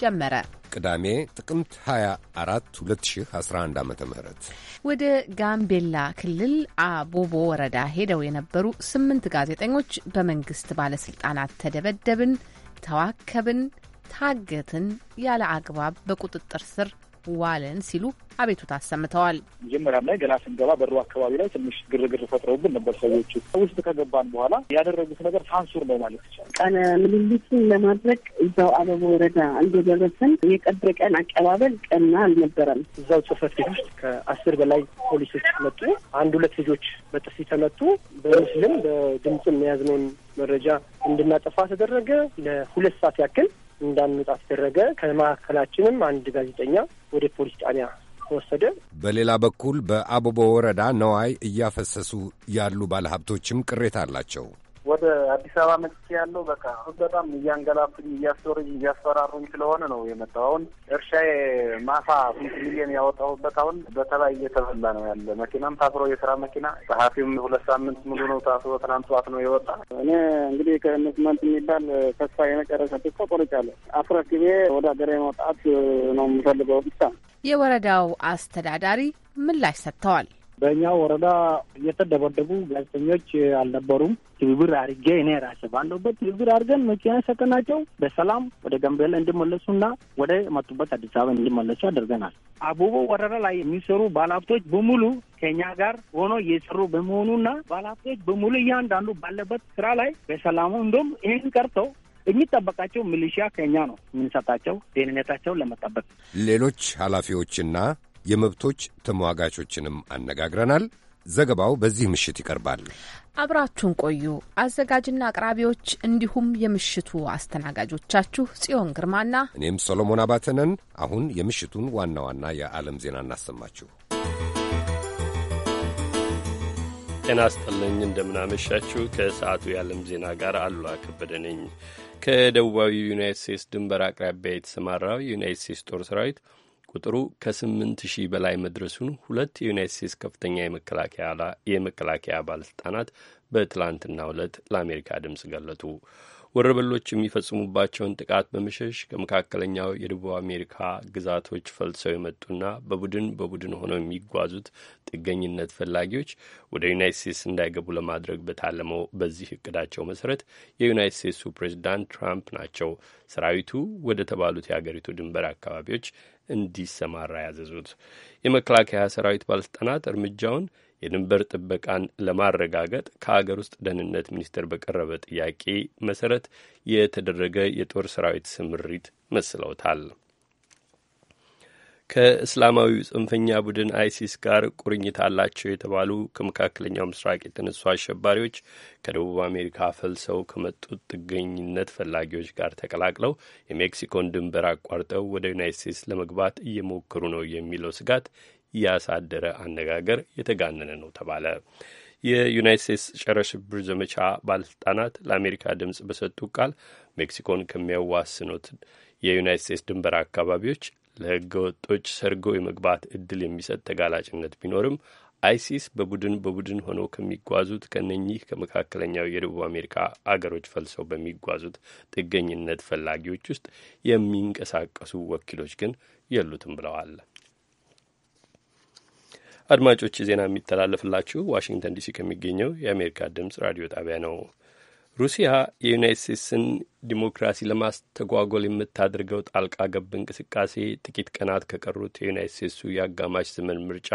ጀመረ። ቅዳሜ ጥቅምት 24 2011 ዓ ም ወደ ጋምቤላ ክልል አቦቦ ወረዳ ሄደው የነበሩ ስምንት ጋዜጠኞች በመንግስት ባለስልጣናት ተደበደብን፣ ተዋከብን፣ ታገትን፣ ያለ አግባብ በቁጥጥር ስር ዋለን ሲሉ አቤቱታ አሰምተዋል። መጀመሪያም ላይ ገና ስንገባ በሩ አካባቢ ላይ ትንሽ ግርግር ፈጥረውብን ነበር ሰዎቹ። ውስጥ ከገባን በኋላ ያደረጉት ነገር ሳንሱር ነው ማለት ይቻላል። ቀን ምልልሱን ለማድረግ እዛው አበበ ወረዳ እንደደረሰን የቀብር ቀን አቀባበል ቀና አልነበረም። እዛው ጽህፈት ቤት ውስጥ ከአስር በላይ ፖሊሶች መጡ። አንድ ሁለት ልጆች በጥፊ ተመቱ። በምስልም በድምፅም የያዝነውን መረጃ እንድናጠፋ ተደረገ። ለሁለት ሰዓት ያክል እንዳንወጣ አስደረገ። ከመካከላችንም አንድ ጋዜጠኛ ወደ ፖሊስ ጣቢያ ተወሰደ። በሌላ በኩል በአቦቦ ወረዳ ነዋይ እያፈሰሱ ያሉ ባለሀብቶችም ቅሬታ አላቸው። ወደ አዲስ አበባ መጥቼ ያለው በቃ አሁን በጣም እያንገላብኝ እያስወርኝ እያስፈራሩኝ ስለሆነ ነው የመጣው። አሁን እርሻዬ ማሳ ስንት ሚሊዮን ያወጣሁበት አሁን በተለይ እየተበላ ነው ያለ። መኪናም ታስሮ የስራ መኪና ጸሐፊውም ሁለት ሳምንት ሙሉ ነው ታስሮ፣ ትናንት ጠዋት ነው የወጣ። እኔ እንግዲህ ከኢንቨስትመንት የሚባል ተስፋ የመጨረሻ ተስፋ ቆርጫለሁ። አፍረክቤ ወደ ሀገሬ መውጣት ነው የምፈልገው ብቻ። የወረዳው አስተዳዳሪ ምላሽ ሰጥተዋል። በእኛ ወረዳ እየተደበደቡ ጋዜጠኞች አልነበሩም። ትብብር አድርጌ እኔ ራሴ ባለሁበት ትብብር አድርገን መኪና ሰቀናቸው በሰላም ወደ ጋምቤላ እንዲመለሱና ወደ መጡበት አዲስ አበባ እንዲመለሱ አድርገናል። አቡቦ ወረዳ ላይ የሚሰሩ ባለሀብቶች በሙሉ ከኛ ጋር ሆኖ እየሰሩ በመሆኑና ባለሀብቶች በሙሉ እያንዳንዱ ባለበት ስራ ላይ በሰላሙ እንዲሁም ይህን ቀርተው የሚጠበቃቸው ሚሊሺያ ከኛ ነው የምንሰጣቸው ደህንነታቸውን ለመጠበቅ ሌሎች ኃላፊዎችና የመብቶች ተሟጋቾችንም አነጋግረናል። ዘገባው በዚህ ምሽት ይቀርባል። አብራችሁን ቆዩ። አዘጋጅና አቅራቢዎች እንዲሁም የምሽቱ አስተናጋጆቻችሁ ጽዮን ግርማና እኔም ሰሎሞን አባተነን። አሁን የምሽቱን ዋና ዋና የዓለም ዜና እናሰማችሁ። ጤና ይስጥልኝ። እንደምናመሻችሁ። ከሰዓቱ የዓለም ዜና ጋር አሉላ ከበደ ነኝ። ከደቡባዊ ዩናይት ስቴትስ ድንበር አቅራቢያ የተሰማራው ዩናይት ስቴትስ ጦር ሰራዊት ቁጥሩ ከስምንት ሺህ በላይ መድረሱን ሁለት የዩናይት ስቴትስ ከፍተኛ የመከላከያ ባለስልጣናት በትላንትና ዕለት ለአሜሪካ ድምፅ ገለጡ። ወረበሎች የሚፈጽሙባቸውን ጥቃት በመሸሽ ከመካከለኛው የደቡብ አሜሪካ ግዛቶች ፈልሰው የመጡና በቡድን በቡድን ሆነው የሚጓዙት ጥገኝነት ፈላጊዎች ወደ ዩናይት ስቴትስ እንዳይገቡ ለማድረግ በታለመው በዚህ እቅዳቸው መሰረት የዩናይት ስቴትሱ ፕሬዚዳንት ትራምፕ ናቸው ሰራዊቱ ወደ ተባሉት የአገሪቱ ድንበር አካባቢዎች እንዲሰማራ ያዘዙት። የመከላከያ ሰራዊት ባለስልጣናት እርምጃውን የድንበር ጥበቃን ለማረጋገጥ ከአገር ውስጥ ደህንነት ሚኒስቴር በቀረበ ጥያቄ መሰረት የተደረገ የጦር ሰራዊት ስምሪት መስለውታል። ከእስላማዊ ጽንፈኛ ቡድን አይሲስ ጋር ቁርኝት አላቸው የተባሉ ከመካከለኛው ምስራቅ የተነሱ አሸባሪዎች ከደቡብ አሜሪካ ፈልሰው ከመጡት ጥገኝነት ፈላጊዎች ጋር ተቀላቅለው የሜክሲኮን ድንበር አቋርጠው ወደ ዩናይት ስቴትስ ለመግባት እየሞከሩ ነው የሚለው ስጋት ያሳደረ አነጋገር የተጋነነ ነው ተባለ። የዩናይት ስቴትስ ጸረ ሽብር ዘመቻ ባለስልጣናት ለአሜሪካ ድምፅ በሰጡ ቃል ሜክሲኮን ከሚያዋስኑት የዩናይት ስቴትስ ድንበር አካባቢዎች ለህገ ወጦች ሰርጎ የመግባት እድል የሚሰጥ ተጋላጭነት ቢኖርም አይሲስ በቡድን በቡድን ሆነው ከሚጓዙት ከነኚህ ከመካከለኛው የደቡብ አሜሪካ አገሮች ፈልሰው በሚጓዙት ጥገኝነት ፈላጊዎች ውስጥ የሚንቀሳቀሱ ወኪሎች ግን የሉትም ብለዋል። አድማጮች ዜና የሚተላለፍላችሁ ዋሽንግተን ዲሲ ከሚገኘው የአሜሪካ ድምፅ ራዲዮ ጣቢያ ነው። ሩሲያ የዩናይት ስቴትስን ዲሞክራሲ ለማስተጓጎል የምታደርገው ጣልቃ ገብ እንቅስቃሴ ጥቂት ቀናት ከቀሩት የዩናይት ስቴትሱ የአጋማሽ ዘመን ምርጫ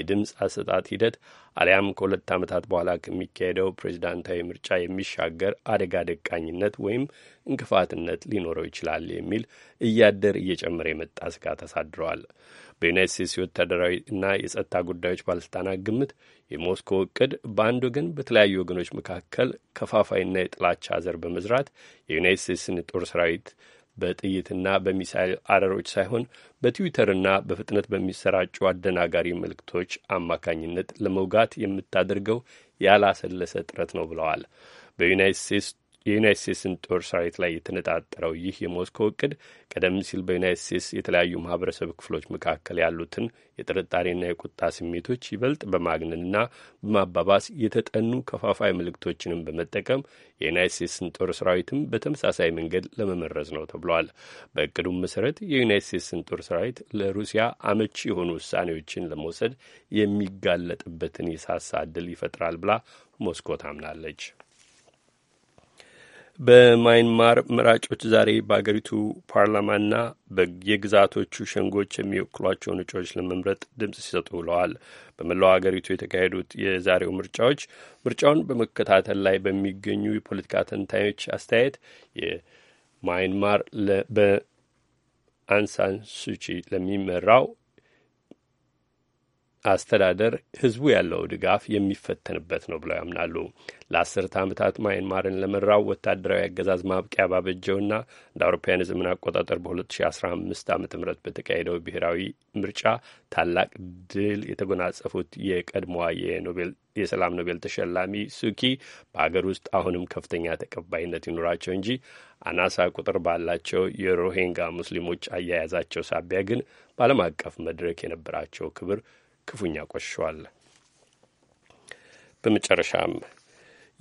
የድምፅ አሰጣጥ ሂደት አሊያም ከሁለት ዓመታት በኋላ ከሚካሄደው ፕሬዚዳንታዊ ምርጫ የሚሻገር አደጋ ደቃኝነት ወይም እንቅፋትነት ሊኖረው ይችላል የሚል እያደር እየጨመረ የመጣ ስጋት አሳድረዋል። በዩናይት ስቴትስ የወታደራዊና የጸጥታ ጉዳዮች ባለሥልጣናት ግምት የሞስኮ እቅድ በአንድ ወገን በተለያዩ ወገኖች መካከል ከፋፋይና የጥላቻ ዘር በመዝራት የዩናይት ስቴትስን ጦር ሰራዊት በጥይትና በሚሳይል አረሮች ሳይሆን በትዊተርና በፍጥነት በሚሰራጩ አደናጋሪ መልክቶች አማካኝነት ለመውጋት የምታደርገው ያላሰለሰ ጥረት ነው ብለዋል። በዩናይት ስቴትስ የዩናይት ስቴትስን ጦር ሰራዊት ላይ የተነጣጠረው ይህ የሞስኮ እቅድ ቀደም ሲል በዩናይት ስቴትስ የተለያዩ ማህበረሰብ ክፍሎች መካከል ያሉትን የጥርጣሬና የቁጣ ስሜቶች ይበልጥ በማግነንና በማባባስ የተጠኑ ከፋፋይ ምልክቶችንም በመጠቀም የዩናይት ስቴትስን ጦር ሰራዊትም በተመሳሳይ መንገድ ለመመረዝ ነው ተብሏል። በእቅዱም መሰረት የዩናይት ስቴትስን ጦር ሰራዊት ለሩሲያ አመቺ የሆኑ ውሳኔዎችን ለመውሰድ የሚጋለጥበትን የሳሳ እድል ይፈጥራል ብላ ሞስኮ ታምናለች። በማይንማር መራጮች ዛሬ በአገሪቱ ፓርላማና የግዛቶቹ ሸንጎች የሚወክሏቸውን እጩዎች ለመምረጥ ድምፅ ሲሰጡ ውለዋል። በመላው አገሪቱ የተካሄዱት የዛሬው ምርጫዎች ምርጫውን በመከታተል ላይ በሚገኙ የፖለቲካ ተንታዮች አስተያየት የማይንማር በአንሳን ሱቺ ለሚመራው አስተዳደር ህዝቡ ያለው ድጋፍ የሚፈተንበት ነው ብለው ያምናሉ። ለአስርተ ዓመታት ማይንማርን ለመራው ወታደራዊ አገዛዝ ማብቂያ ባበጀውና እንደ አውሮፓውያን የዘመን አቆጣጠር በ2015 ዓ ም በተካሄደው ብሔራዊ ምርጫ ታላቅ ድል የተጎናጸፉት የቀድሞዋ የኖቤል የሰላም ኖቤል ተሸላሚ ሱኪ በሀገር ውስጥ አሁንም ከፍተኛ ተቀባይነት ይኖራቸው እንጂ አናሳ ቁጥር ባላቸው የሮሂንጋ ሙስሊሞች አያያዛቸው ሳቢያ ግን በዓለም አቀፍ መድረክ የነበራቸው ክብር ክፉኛ ቆሽሿል። በመጨረሻም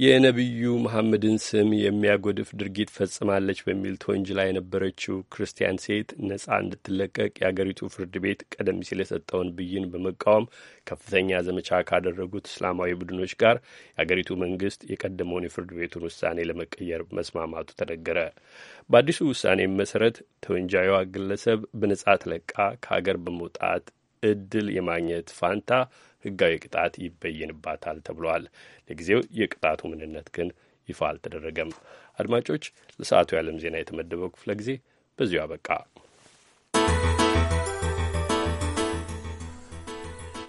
የነቢዩ መሐመድን ስም የሚያጎድፍ ድርጊት ፈጽማለች በሚል ተወንጅላ የነበረችው ክርስቲያን ሴት ነጻ እንድትለቀቅ የአገሪቱ ፍርድ ቤት ቀደም ሲል የሰጠውን ብይን በመቃወም ከፍተኛ ዘመቻ ካደረጉት እስላማዊ ቡድኖች ጋር የአገሪቱ መንግስት የቀደመውን የፍርድ ቤቱን ውሳኔ ለመቀየር መስማማቱ ተነገረ። በአዲሱ ውሳኔ መሰረት ተወንጃዩዋ ግለሰብ በነጻ ተለቃ ከሀገር በመውጣት እድል የማግኘት ፋንታ ህጋዊ ቅጣት ይበየንባታል ተብሏል። ለጊዜው የቅጣቱ ምንነት ግን ይፋ አልተደረገም። አድማጮች፣ ለሰዓቱ የዓለም ዜና የተመደበው ክፍለ ጊዜ በዚሁ አበቃ።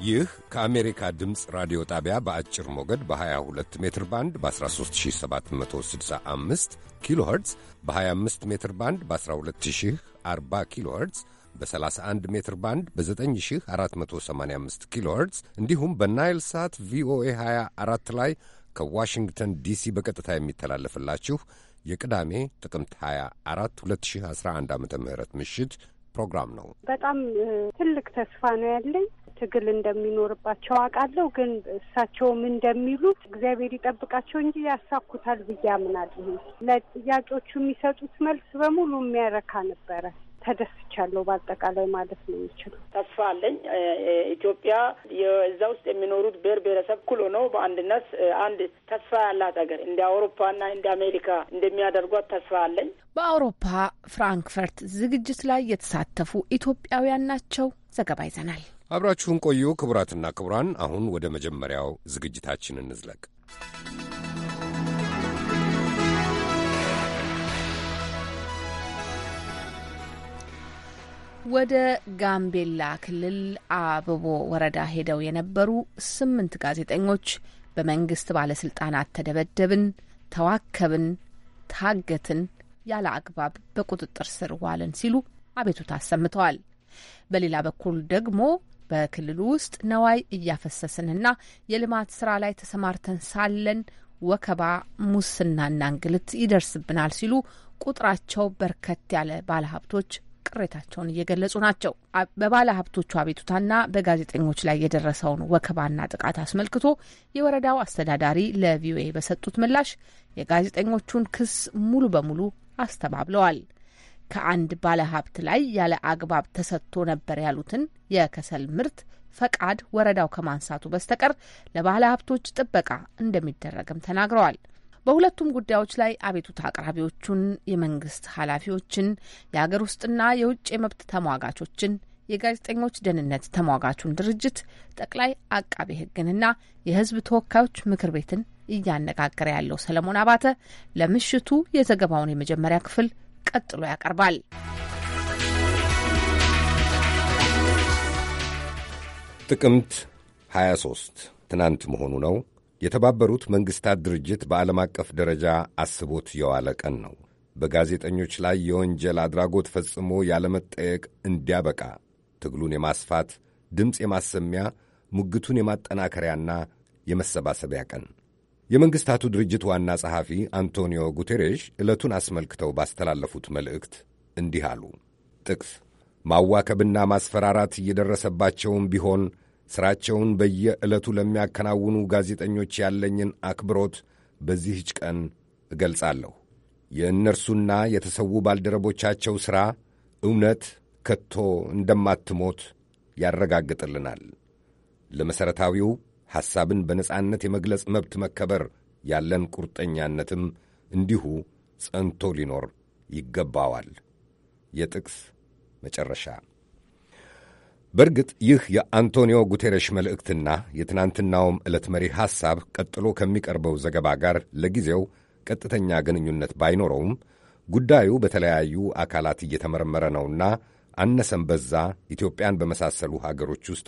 ይህ ከአሜሪካ ድምፅ ራዲዮ ጣቢያ በአጭር ሞገድ በ22 ሜትር ባንድ በ13765 ኪሎ ኸርትዝ በ25 ሜትር ባንድ በ12040 ኪሎ ኸርትዝ በ31 ሜትር ባንድ በ9485 ኪሎ ሄርትዝ እንዲሁም በናይል ሳት ቪኦኤ 24 ላይ ከዋሽንግተን ዲሲ በቀጥታ የሚተላለፍላችሁ የቅዳሜ ጥቅምት 24 2011 ዓ ም ምሽት ፕሮግራም ነው። በጣም ትልቅ ተስፋ ነው ያለኝ። ትግል እንደሚኖርባቸው አውቃለሁ፣ ግን እሳቸውም እንደሚሉት እግዚአብሔር ይጠብቃቸው እንጂ ያሳኩታል ብዬ አምናለሁ። ለጥያቄዎቹ የሚሰጡት መልስ በሙሉ የሚያረካ ነበረ። ተደስቻለሁ በአጠቃላይ ማለት ነው የሚችለው። ተስፋ አለኝ ኢትዮጵያ እዛ ውስጥ የሚኖሩት ብሔር ብሔረሰብ ኩሎ ነው በአንድነት አንድ ተስፋ ያላት ሀገር እንደ አውሮፓና እንደ አሜሪካ እንደሚያደርጓት ተስፋ አለኝ። በአውሮፓ ፍራንክፈርት ዝግጅት ላይ የተሳተፉ ኢትዮጵያውያን ናቸው። ዘገባ ይዘናል። አብራችሁን ቆዩ። ክቡራትና ክቡራን፣ አሁን ወደ መጀመሪያው ዝግጅታችን እንዝለቅ። ወደ ጋምቤላ ክልል አብቦ ወረዳ ሄደው የነበሩ ስምንት ጋዜጠኞች በመንግስት ባለስልጣናት ተደበደብን፣ ተዋከብን፣ ታገትን፣ ያለ አግባብ በቁጥጥር ስር ዋልን ሲሉ አቤቱታ አሰምተዋል። በሌላ በኩል ደግሞ በክልሉ ውስጥ ነዋይ እያፈሰስንና የልማት ስራ ላይ ተሰማርተን ሳለን ወከባ፣ ሙስናና እንግልት ይደርስብናል ሲሉ ቁጥራቸው በርከት ያለ ባለሀብቶች ቅሬታቸውን እየገለጹ ናቸው። በባለ ሀብቶቹ አቤቱታና በጋዜጠኞች ላይ የደረሰውን ወከባና ጥቃት አስመልክቶ የወረዳው አስተዳዳሪ ለቪኦኤ በሰጡት ምላሽ የጋዜጠኞቹን ክስ ሙሉ በሙሉ አስተባብለዋል። ከአንድ ባለ ሀብት ላይ ያለ አግባብ ተሰጥቶ ነበር ያሉትን የከሰል ምርት ፈቃድ ወረዳው ከማንሳቱ በስተቀር ለባለ ሀብቶች ጥበቃ እንደሚደረግም ተናግረዋል። በሁለቱም ጉዳዮች ላይ አቤቱታ አቅራቢዎቹን፣ የመንግስት ኃላፊዎችን፣ የአገር ውስጥና የውጭ የመብት ተሟጋቾችን፣ የጋዜጠኞች ደህንነት ተሟጋቹን ድርጅት ጠቅላይ አቃቤ ህግንና የህዝብ ተወካዮች ምክር ቤትን እያነጋገረ ያለው ሰለሞን አባተ ለምሽቱ የዘገባውን የመጀመሪያ ክፍል ቀጥሎ ያቀርባል። ጥቅምት 23 ትናንት መሆኑ ነው። የተባበሩት መንግሥታት ድርጅት በዓለም አቀፍ ደረጃ አስቦት የዋለ ቀን ነው። በጋዜጠኞች ላይ የወንጀል አድራጎት ፈጽሞ ያለመጠየቅ እንዲያበቃ ትግሉን የማስፋት ድምፅ የማሰሚያ ሙግቱን የማጠናከሪያና የመሰባሰቢያ ቀን የመንግሥታቱ ድርጅት ዋና ጸሐፊ አንቶኒዮ ጉቴሬሽ ዕለቱን አስመልክተው ባስተላለፉት መልእክት እንዲህ አሉ። ጥቅስ ማዋከብና ማስፈራራት እየደረሰባቸውም ቢሆን ሥራቸውን በየዕለቱ ለሚያከናውኑ ጋዜጠኞች ያለኝን አክብሮት በዚህች ቀን እገልጻለሁ። የእነርሱና የተሰዉ ባልደረቦቻቸው ሥራ እውነት ከቶ እንደማትሞት ያረጋግጥልናል። ለመሠረታዊው ሐሳብን በነጻነት የመግለጽ መብት መከበር ያለን ቁርጠኛነትም እንዲሁ ጸንቶ ሊኖር ይገባዋል። የጥቅስ መጨረሻ በእርግጥ ይህ የአንቶኒዮ ጉቴረሽ መልእክትና የትናንትናውም ዕለት መሪ ሐሳብ ቀጥሎ ከሚቀርበው ዘገባ ጋር ለጊዜው ቀጥተኛ ግንኙነት ባይኖረውም ጉዳዩ በተለያዩ አካላት እየተመረመረ ነውና አነሰም በዛ ኢትዮጵያን በመሳሰሉ ሀገሮች ውስጥ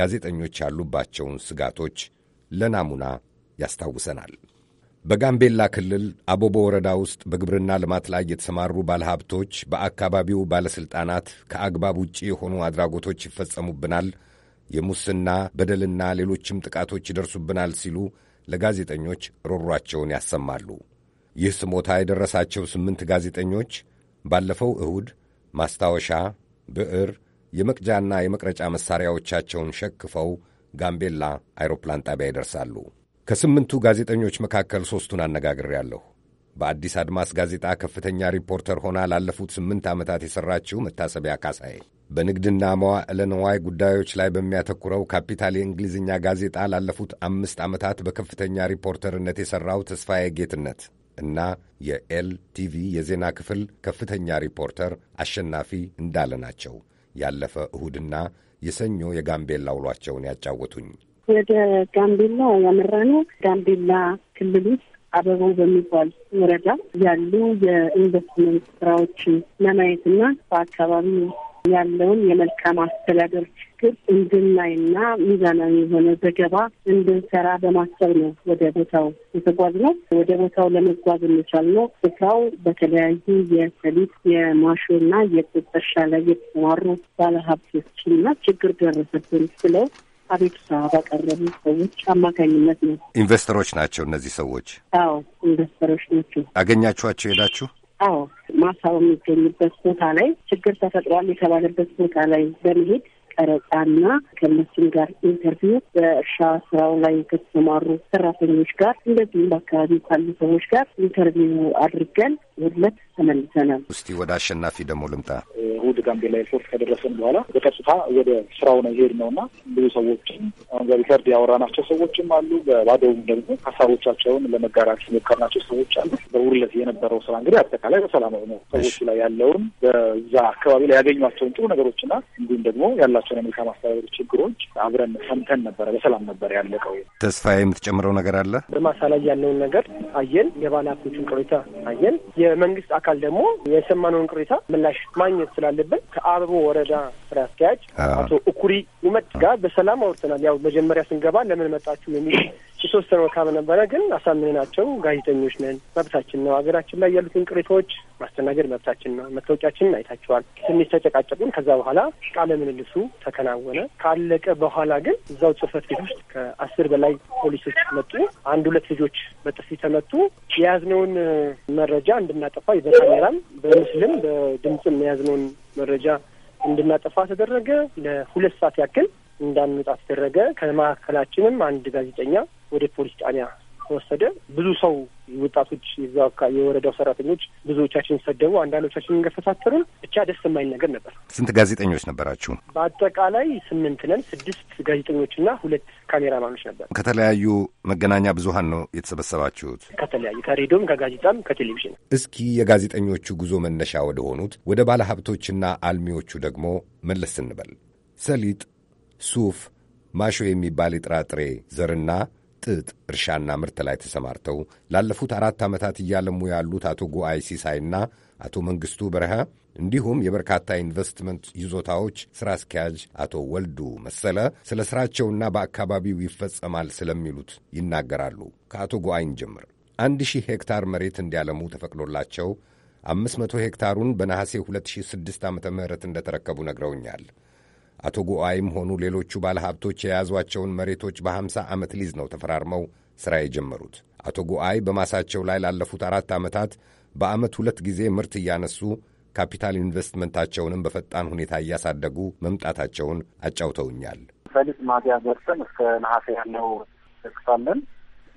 ጋዜጠኞች ያሉባቸውን ስጋቶች ለናሙና ያስታውሰናል። በጋምቤላ ክልል አቦቦ ወረዳ ውስጥ በግብርና ልማት ላይ የተሰማሩ ባለሀብቶች በአካባቢው ባለሥልጣናት ከአግባብ ውጪ የሆኑ አድራጎቶች ይፈጸሙብናል፣ የሙስና በደልና ሌሎችም ጥቃቶች ይደርሱብናል ሲሉ ለጋዜጠኞች ሮሯቸውን ያሰማሉ። ይህ ስሞታ የደረሳቸው ስምንት ጋዜጠኞች ባለፈው እሁድ ማስታወሻ፣ ብዕር፣ የመቅጃና የመቅረጫ መሣሪያዎቻቸውን ሸክፈው ጋምቤላ አይሮፕላን ጣቢያ ይደርሳሉ። ከስምንቱ ጋዜጠኞች መካከል ሦስቱን አነጋግሬያለሁ። በአዲስ አድማስ ጋዜጣ ከፍተኛ ሪፖርተር ሆና ላለፉት ስምንት ዓመታት የሠራችው መታሰቢያ ካሳዬ በንግድና መዋዕለ ንዋይ ጉዳዮች ላይ በሚያተኩረው ካፒታል የእንግሊዝኛ ጋዜጣ ላለፉት አምስት ዓመታት በከፍተኛ ሪፖርተርነት የሠራው ተስፋዬ ጌትነት እና የኤልቲቪ የዜና ክፍል ከፍተኛ ሪፖርተር አሸናፊ እንዳለ ናቸው። ያለፈ እሁድና የሰኞ የጋምቤላ ውሏቸውን ያጫወቱኝ። ወደ ጋምቤላ ያመራ ነው። ጋምቤላ ክልል ውስጥ አበባው በሚባል ወረዳ ያሉ የኢንቨስትመንት ስራዎችን ለማየትና በአካባቢ ያለውን የመልካም አስተዳደር ችግር እንድናይና ሚዛናዊ የሆነ ዘገባ እንድንሰራ በማሰብ ነው ወደ ቦታው የተጓዝ ነው። ወደ ቦታው ለመጓዝ እንቻል ነው። ስፍራው በተለያዩ የሰሊጥ የማሾና የጥጥ እርሻ ላይ የተሰማሩ ባለሀብቶችና ችግር ደረሰብን ብለው አቤቱታ ባቀረቡ ሰዎች አማካኝነት ነው። ኢንቨስተሮች ናቸው እነዚህ ሰዎች? አዎ ኢንቨስተሮች ናቸው። አገኛችኋቸው ሄዳችሁ? አዎ ማሳው የሚገኝበት ቦታ ላይ ችግር ተፈጥሯል የተባለበት ቦታ ላይ በመሄድ ቀረጻና ከእነሱም ጋር ኢንተርቪው በእርሻ ስራው ላይ ከተሰማሩ ሰራተኞች ጋር እንደዚሁም በአካባቢ ካሉ ሰዎች ጋር ኢንተርቪው አድርገን ውድለት ተመልሰናል። እስቲ ወደ አሸናፊ ደግሞ ልምጣ። እሑድ ጋምቤላ ኤርፖርት ከደረሰን በኋላ በቀጥታ ወደ ስራው ነው የሄድነው እና ብዙ ሰዎችም አሁን በሪከርድ ያወራናቸው ሰዎችም አሉ። በባዶውም ደግሞ ሀሳቦቻቸውን ለመጋራት የሞከርናቸው ሰዎች አሉ። በውድለት የነበረው ስራ እንግዲህ አጠቃላይ በሰላማዊ ነው ሰዎቹ ላይ ያለውን በዛ አካባቢ ላይ ያገኟቸውን ጥሩ ነገሮችና እንዲሁም ደግሞ ያላቸውን የመልካም አስተዳደር ችግሮች አብረን ሰምተን ነበረ። በሰላም ነበረ ያለቀው። ተስፋ የምትጨምረው ነገር አለ? በማሳ ላይ ያለውን ነገር አየን። የባለ ሀብቶችን ቅሬታ አየን። የመንግስት አካል ደግሞ የሰማነውን ቅሬታ ምላሽ ማግኘት ስላለብን ከአበቦ ወረዳ ስራ አስኪያጅ አቶ እኩሪ ውመድ ጋር በሰላም አውርተናል። ያው መጀመሪያ ስንገባ ለምን መጣችሁ የሚል ጭሶች ተመካም ነበረ። ግን አሳምንናቸው ጋዜጠኞች ነን፣ መብታችን ነው። ሀገራችን ላይ ያሉትን ቅሬታዎች ማስተናገድ መብታችን ነው። መታወቂያችንን አይታችኋል። ትንሽ ተጨቃጨቁን። ከዛ በኋላ ቃለ ምልልሱ ተከናወነ። ካለቀ በኋላ ግን እዛው ጽህፈት ቤት ውስጥ ከአስር በላይ ፖሊሶች መጡ። አንድ ሁለት ልጆች በጥፊ ተመቱ። የያዝነውን መረጃ እንድናጠፋ በካሜራም በምስልም በድምፅም የያዝነውን መረጃ እንድናጠፋ ተደረገ። ለሁለት ሰዓት ያክል እንዳንወጣ ተደረገ። ከመካከላችንም አንድ ጋዜጠኛ ወደ ፖሊስ ጣቢያ ተወሰደ። ብዙ ሰው ወጣቶች የዛ የወረዳው ሰራተኞች ብዙዎቻችን ሰደቡ፣ አንዳንዶቻችን እንገፈታተሩን። ብቻ ደስ የማይል ነገር ነበር። ስንት ጋዜጠኞች ነበራችሁ? በአጠቃላይ ስምንት ነን። ስድስት ጋዜጠኞችና ሁለት ካሜራማኖች ነበር። ከተለያዩ መገናኛ ብዙሀን ነው የተሰበሰባችሁት? ከተለያዩ ከሬዲዮም፣ ከጋዜጣም፣ ከቴሌቪዥን። እስኪ የጋዜጠኞቹ ጉዞ መነሻ ወደ ሆኑት ወደ ባለሀብቶችና አልሚዎቹ ደግሞ መለስ እንበል። ሰሊጥ፣ ሱፍ፣ ማሾ የሚባል የጥራጥሬ ዘርና ጥጥ እርሻና ምርት ላይ ተሰማርተው ላለፉት አራት ዓመታት እያለሙ ያሉት አቶ ጉአይ ሲሳይና አቶ መንግሥቱ በረሃ እንዲሁም የበርካታ ኢንቨስትመንት ይዞታዎች ሥራ አስኪያጅ አቶ ወልዱ መሰለ ስለ ሥራቸውና በአካባቢው ይፈጸማል ስለሚሉት ይናገራሉ። ከአቶ ጉአይን ጀምር አንድ ሺህ ሄክታር መሬት እንዲያለሙ ተፈቅዶላቸው አምስት መቶ ሄክታሩን በነሐሴ 2006 ዓ ም እንደተረከቡ ነግረውኛል። አቶ ጉአይም ሆኑ ሌሎቹ ባለሀብቶች የያዟቸውን መሬቶች በ50 ዓመት ሊዝ ነው ተፈራርመው ሥራ የጀመሩት። አቶ ጉአይ በማሳቸው ላይ ላለፉት አራት ዓመታት በዓመት ሁለት ጊዜ ምርት እያነሱ ካፒታል ኢንቨስትመንታቸውንም በፈጣን ሁኔታ እያሳደጉ መምጣታቸውን አጫውተውኛል። ፈሊጥ ማዚያ ደርሰን እስከ ነሐሴ ያለው እስፋለን።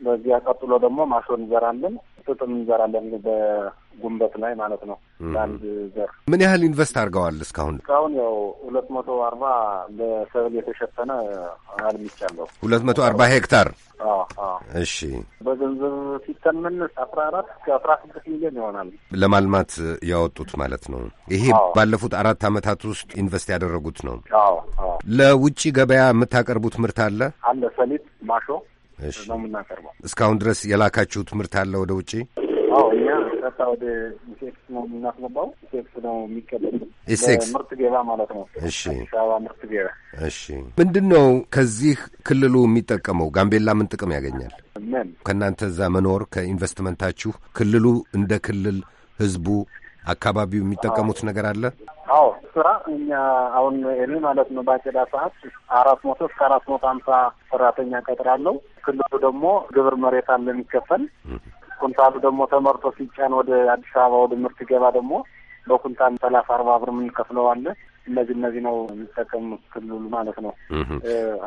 በዚያ ቀጥሎ ደግሞ ማሾ እንዘራለን፣ ጥጥም እንዘራለን በጉንበት ላይ ማለት ነው። በአንድ ዘር ምን ያህል ኢንቨስት አድርገዋል? እስካሁን እስካሁን ያው ሁለት መቶ አርባ በሰብል የተሸፈነ አልሚቻለሁ። ሁለት መቶ አርባ ሄክታር። እሺ በገንዘብ ሲተመን አስራ አራት እስከ አስራ ስድስት ሚሊዮን ይሆናል ለማልማት ያወጡት ማለት ነው። ይሄ ባለፉት አራት አመታት ውስጥ ኢንቨስት ያደረጉት ነው። ለውጭ ገበያ የምታቀርቡት ምርት አለ አለ ሰሊጥ፣ ማሾ ነው የምናቀርበው። እስካሁን ድረስ የላካችሁት ምርት አለ ወደ ውጭ? ቀጥታ ወደ ኢሴክስ ነው የምናስገባው። ኢሴክስ ነው የሚቀበሉ ኢሴክስ ምርት ገባ ማለት ነው። እሺ፣ አዲስ አበባ ምርት ገባ። እሺ፣ ምንድን ነው ከዚህ ክልሉ የሚጠቀመው? ጋምቤላ ምን ጥቅም ያገኛል? ምን ከእናንተ እዛ መኖር ከኢንቨስትመንታችሁ ክልሉ እንደ ክልል ህዝቡ አካባቢው የሚጠቀሙት ነገር አለ። አዎ ስራ እኛ አሁን እኔ ማለት ነው በአጨዳ ሰዓት አራት መቶ እስከ አራት መቶ ሀምሳ ሰራተኛ ቀጥራለሁ። ክልሉ ደግሞ ግብር መሬት አለ የሚከፈል ኩንታሉ ደግሞ ተመርቶ ሲጫን ወደ አዲስ አበባ ወደ ምርት ገባ ደግሞ በኩንታል ሰላሳ አርባ ብር የምንከፍለዋለን። እነዚህ እነዚህ ነው የሚጠቀም ክልሉ ማለት ነው።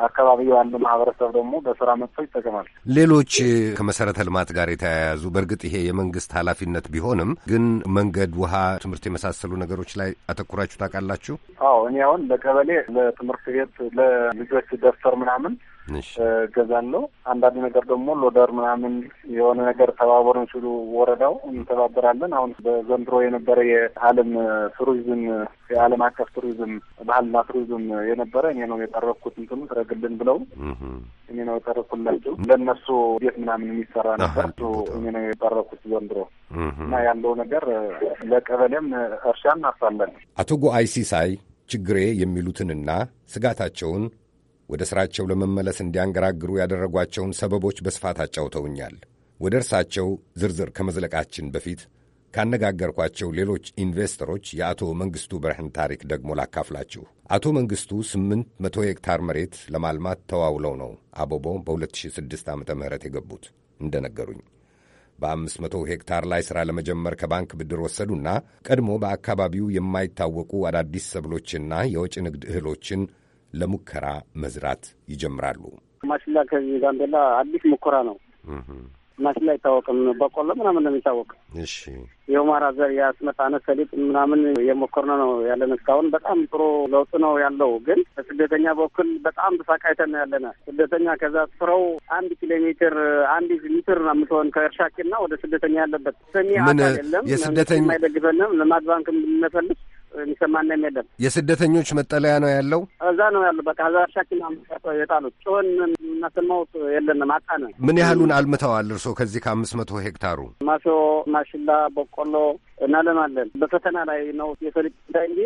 አካባቢው ያሉ ማህበረሰብ ደግሞ በስራ መጥቶ ይጠቀማል። ሌሎች ከመሰረተ ልማት ጋር የተያያዙ በእርግጥ ይሄ የመንግስት ኃላፊነት ቢሆንም ግን መንገድ፣ ውሃ፣ ትምህርት የመሳሰሉ ነገሮች ላይ አተኩራችሁ ታውቃላችሁ? አዎ እኔ አሁን ለቀበሌ ለትምህርት ቤት ለልጆች ደብተር ምናምን ገዛለው አንዳንድ ነገር ደግሞ ሎደር ምናምን የሆነ ነገር ተባበሩን ሲሉ ወረዳው እንተባበራለን። አሁን በዘንድሮ የነበረ የዓለም ቱሪዝም የዓለም አቀፍ ቱሪዝም ባህልና ቱሪዝም የነበረ እኔ ነው የጠረኩት እንትኑ ትረግልን ብለው እኔ ነው የጠረኩላቸው። ለእነሱ ቤት ምናምን የሚሰራ ነበር እኔ ነው የጠረኩት ዘንድሮ እና ያለው ነገር ለቀበሌም እርሻ እናሳለን። አቶ ጎአይ ሲሳይ ችግሬ የሚሉትንና ስጋታቸውን ወደ ሥራቸው ለመመለስ እንዲያንገራግሩ ያደረጓቸውን ሰበቦች በስፋት አጫውተውኛል። ወደ እርሳቸው ዝርዝር ከመዝለቃችን በፊት ካነጋገርኳቸው ሌሎች ኢንቨስተሮች የአቶ መንግሥቱ ብርሃን ታሪክ ደግሞ ላካፍላችሁ። አቶ መንግሥቱ ስምንት መቶ ሄክታር መሬት ለማልማት ተዋውለው ነው አቦቦ በ2006 ዓ ም የገቡት እንደነገሩኝ በ 500 ሄክታር ላይ ሥራ ለመጀመር ከባንክ ብድር ወሰዱና ቀድሞ በአካባቢው የማይታወቁ አዳዲስ ሰብሎችና የወጪ ንግድ እህሎችን ለሙከራ መዝራት ይጀምራሉ። ማሽላ ከዚህ ጋምቤላ አዲስ ሙከራ ነው። ማሽላ አይታወቅም። በቆሎ ምናምን ነው የሚታወቅ። እሺ የሁማራ ዘር ያስመጣነ ሰሊጥ ምናምን የሞከርነ ነው ያለን። እስካሁን በጣም ጥሩ ለውጥ ነው ያለው። ግን በስደተኛ በኩል በጣም ተሳቃይተን ነው ያለነ። ስደተኛ ከዛ ስፍራው አንድ ኪሎ ሜትር አንድ ሜትር ነው የምትሆን ከእርሻኪና ወደ ስደተኛ ያለበት ሰሚ አካል የለም። የስደተኛ አይደግፈንም። ልማት ባንክ የምንፈልግ የሚሰማንም የለም። የስደተኞች መጠለያ ነው ያለው። እዛ ነው ያለው። በቃ እዛ ሻኪና የጣሉት ጮን የምናሰማውት የለንም። አጣ ነው። ምን ያህሉን አልምተዋል እርስዎ ከዚህ ከአምስት መቶ ሄክታሩ? ማሾ፣ ማሽላ፣ በቆሎ እናለማለን። በፈተና ላይ ነው የሰሊጥ ጉዳይ እንጂ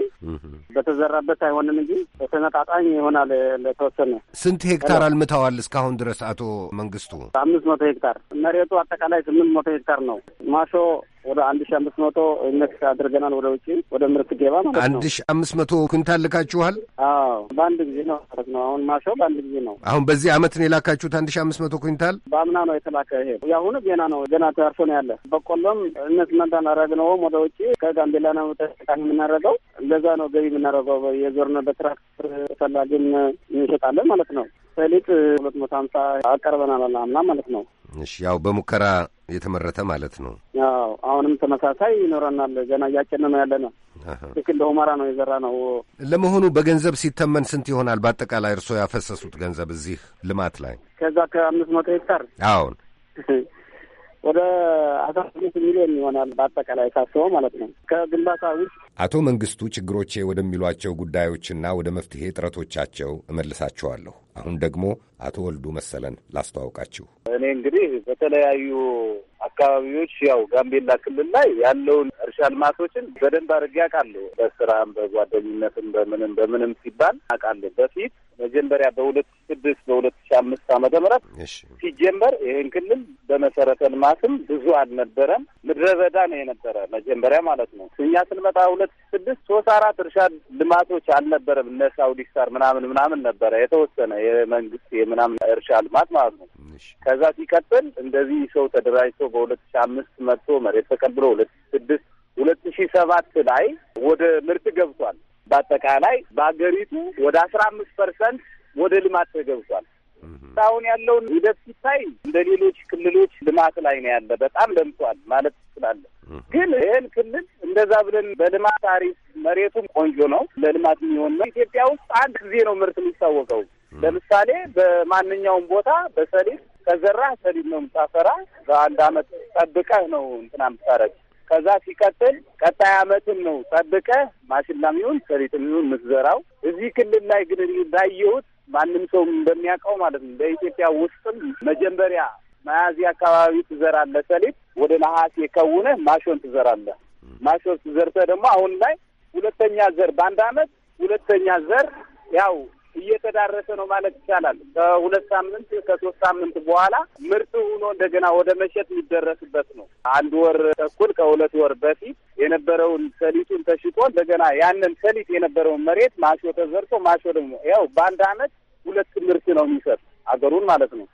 በተዘራበት አይሆንም እንጂ በተመጣጣኝ ይሆናል። ለተወሰነ ስንት ሄክታር አልምተዋል እስካሁን ድረስ አቶ መንግስቱ? አምስት መቶ ሄክታር መሬቱ አጠቃላይ ስምንት መቶ ሄክታር ነው። ማሾ ወደ አንድ ሺ አምስት መቶ ኢንቨስት አድርገናል። ወደ ውጭ ወደ ምርት ገባ ማለት ነው። አንድ ሺ አምስት መቶ ኩንታል ልካችኋል? አዎ በአንድ ጊዜ ነው ማለት ነው። አሁን ማሾ በአንድ ጊዜ ነው። አሁን በዚህ አመት ነው የላካችሁት አንድ ሺ አምስት መቶ ኩንታል? በአምና ነው የተላከ። ይሄ የአሁኑ ገና ነው ገና ተርሶ ነው ያለ። በቆሎም እነት መንዳን አረግነውም ወደ ውጭ ከጋምቤላ ነው ተጠቃሚ የምናደርገው። እንደዛ ነው ገቢ የምናደርገው። የዞርነ በትራክተር ተፈላጊም እንሸጣለን ማለት ነው። ሰሊጥ ሁለት መቶ ሀምሳ አቀርበናል አምና ማለት ነው። እሺ ያው በሙከራ የተመረተ ማለት ነው። ያው አሁንም ተመሳሳይ ይኖረናል። ገና እያጨነ ነው ያለ ነው። ልክ እንደ ሁመራ ነው የዘራ ነው። ለመሆኑ በገንዘብ ሲተመን ስንት ይሆናል? በአጠቃላይ እርስዎ ያፈሰሱት ገንዘብ እዚህ ልማት ላይ ከዛ ከአምስት መቶ ሄክታር አሁን ወደ አስራ ስምንት ሚሊዮን ይሆናል በአጠቃላይ ሳስበው ማለት ነው። ከግንባታ ውጭ አቶ መንግስቱ ችግሮቼ ወደሚሏቸው ጉዳዮችና ወደ መፍትሄ ጥረቶቻቸው እመልሳቸዋለሁ። አሁን ደግሞ አቶ ወልዱ መሰለን ላስተዋውቃችሁ። እኔ እንግዲህ በተለያዩ አካባቢዎች ያው ጋምቤላ ክልል ላይ ያለውን እርሻ ልማቶችን በደንብ አድርጌ አውቃለሁ። በስራም በጓደኝነትም በምንም በምንም ሲባል አውቃለሁ። በፊት መጀመሪያ በሁለት ስድስት በሁለት ሺ አምስት ዓመተ ምህረት ሲጀመር ይህን ክልል በመሰረተ ልማትም ብዙ አልነበረም። ምድረ በዳ ነው የነበረ መጀመሪያ ማለት ነው። እኛ ስንመጣ ሁለት ስድስት ሶስት አራት እርሻ ልማቶች አልነበረም። እነ ሳውዲ ስታር ምናምን ምናምን ነበረ የተወሰነ የመንግስት ምናምን እርሻ ልማት ማለት ነው። ከዛ ሲቀጥል እንደዚህ ሰው ተደራጅቶ በሁለት ሺ አምስት መጥቶ መሬት ተቀብሎ ሁለት ሺ ስድስት ሁለት ሺ ሰባት ላይ ወደ ምርት ገብቷል። በአጠቃላይ በሀገሪቱ ወደ አስራ አምስት ፐርሰንት ወደ ልማት ተገብቷል። አሁን ያለውን ሂደት ሲታይ እንደ ሌሎች ክልሎች ልማት ላይ ነው ያለ፣ በጣም ለምቷል ማለት ትችላለህ። ግን ይህን ክልል እንደዛ ብለን በልማት አሪፍ መሬቱም ቆንጆ ነው ለልማት የሚሆን ነው። ኢትዮጵያ ውስጥ አንድ ጊዜ ነው ምርት የሚታወቀው ለምሳሌ በማንኛውም ቦታ በሰሊጥ ከዘራህ ሰሊጥ ነው የምታፈራ። በአንድ አመት ጠብቀህ ነው እንትና የምታረግ። ከዛ ሲቀጥል ቀጣይ አመትን ነው ጠብቀህ ማሽላም ይሁን ሰሊጥም ይሁን የምትዘራው። እዚህ ክልል ላይ ግን እንዳየሁት ማንም ሰው እንደሚያውቀው ማለት ነው በኢትዮጵያ ውስጥም መጀመሪያ መያዝያ አካባቢ ትዘራለህ ሰሊጥ፣ ወደ ነሐሴ ከውነህ ማሾን ትዘራለህ። ማሾን ትዘርተህ ደግሞ አሁን ላይ ሁለተኛ ዘር በአንድ አመት ሁለተኛ ዘር ያው እየተዳረሰ ነው ማለት ይቻላል። ከሁለት ሳምንት ከሶስት ሳምንት በኋላ ምርት ሆኖ እንደገና ወደ መሸጥ የሚደረስበት ነው። አንድ ወር ተኩል ከሁለት ወር በፊት የነበረውን ሰሊጡን ተሽጦ እንደገና ያንን ሰሊጥ የነበረውን መሬት ማሾ ተዘርቶ ማሾ ደግሞ ያው በአንድ አመት ሁለት ምርት ነው የሚሰጥ አገሩን ማለት ነው።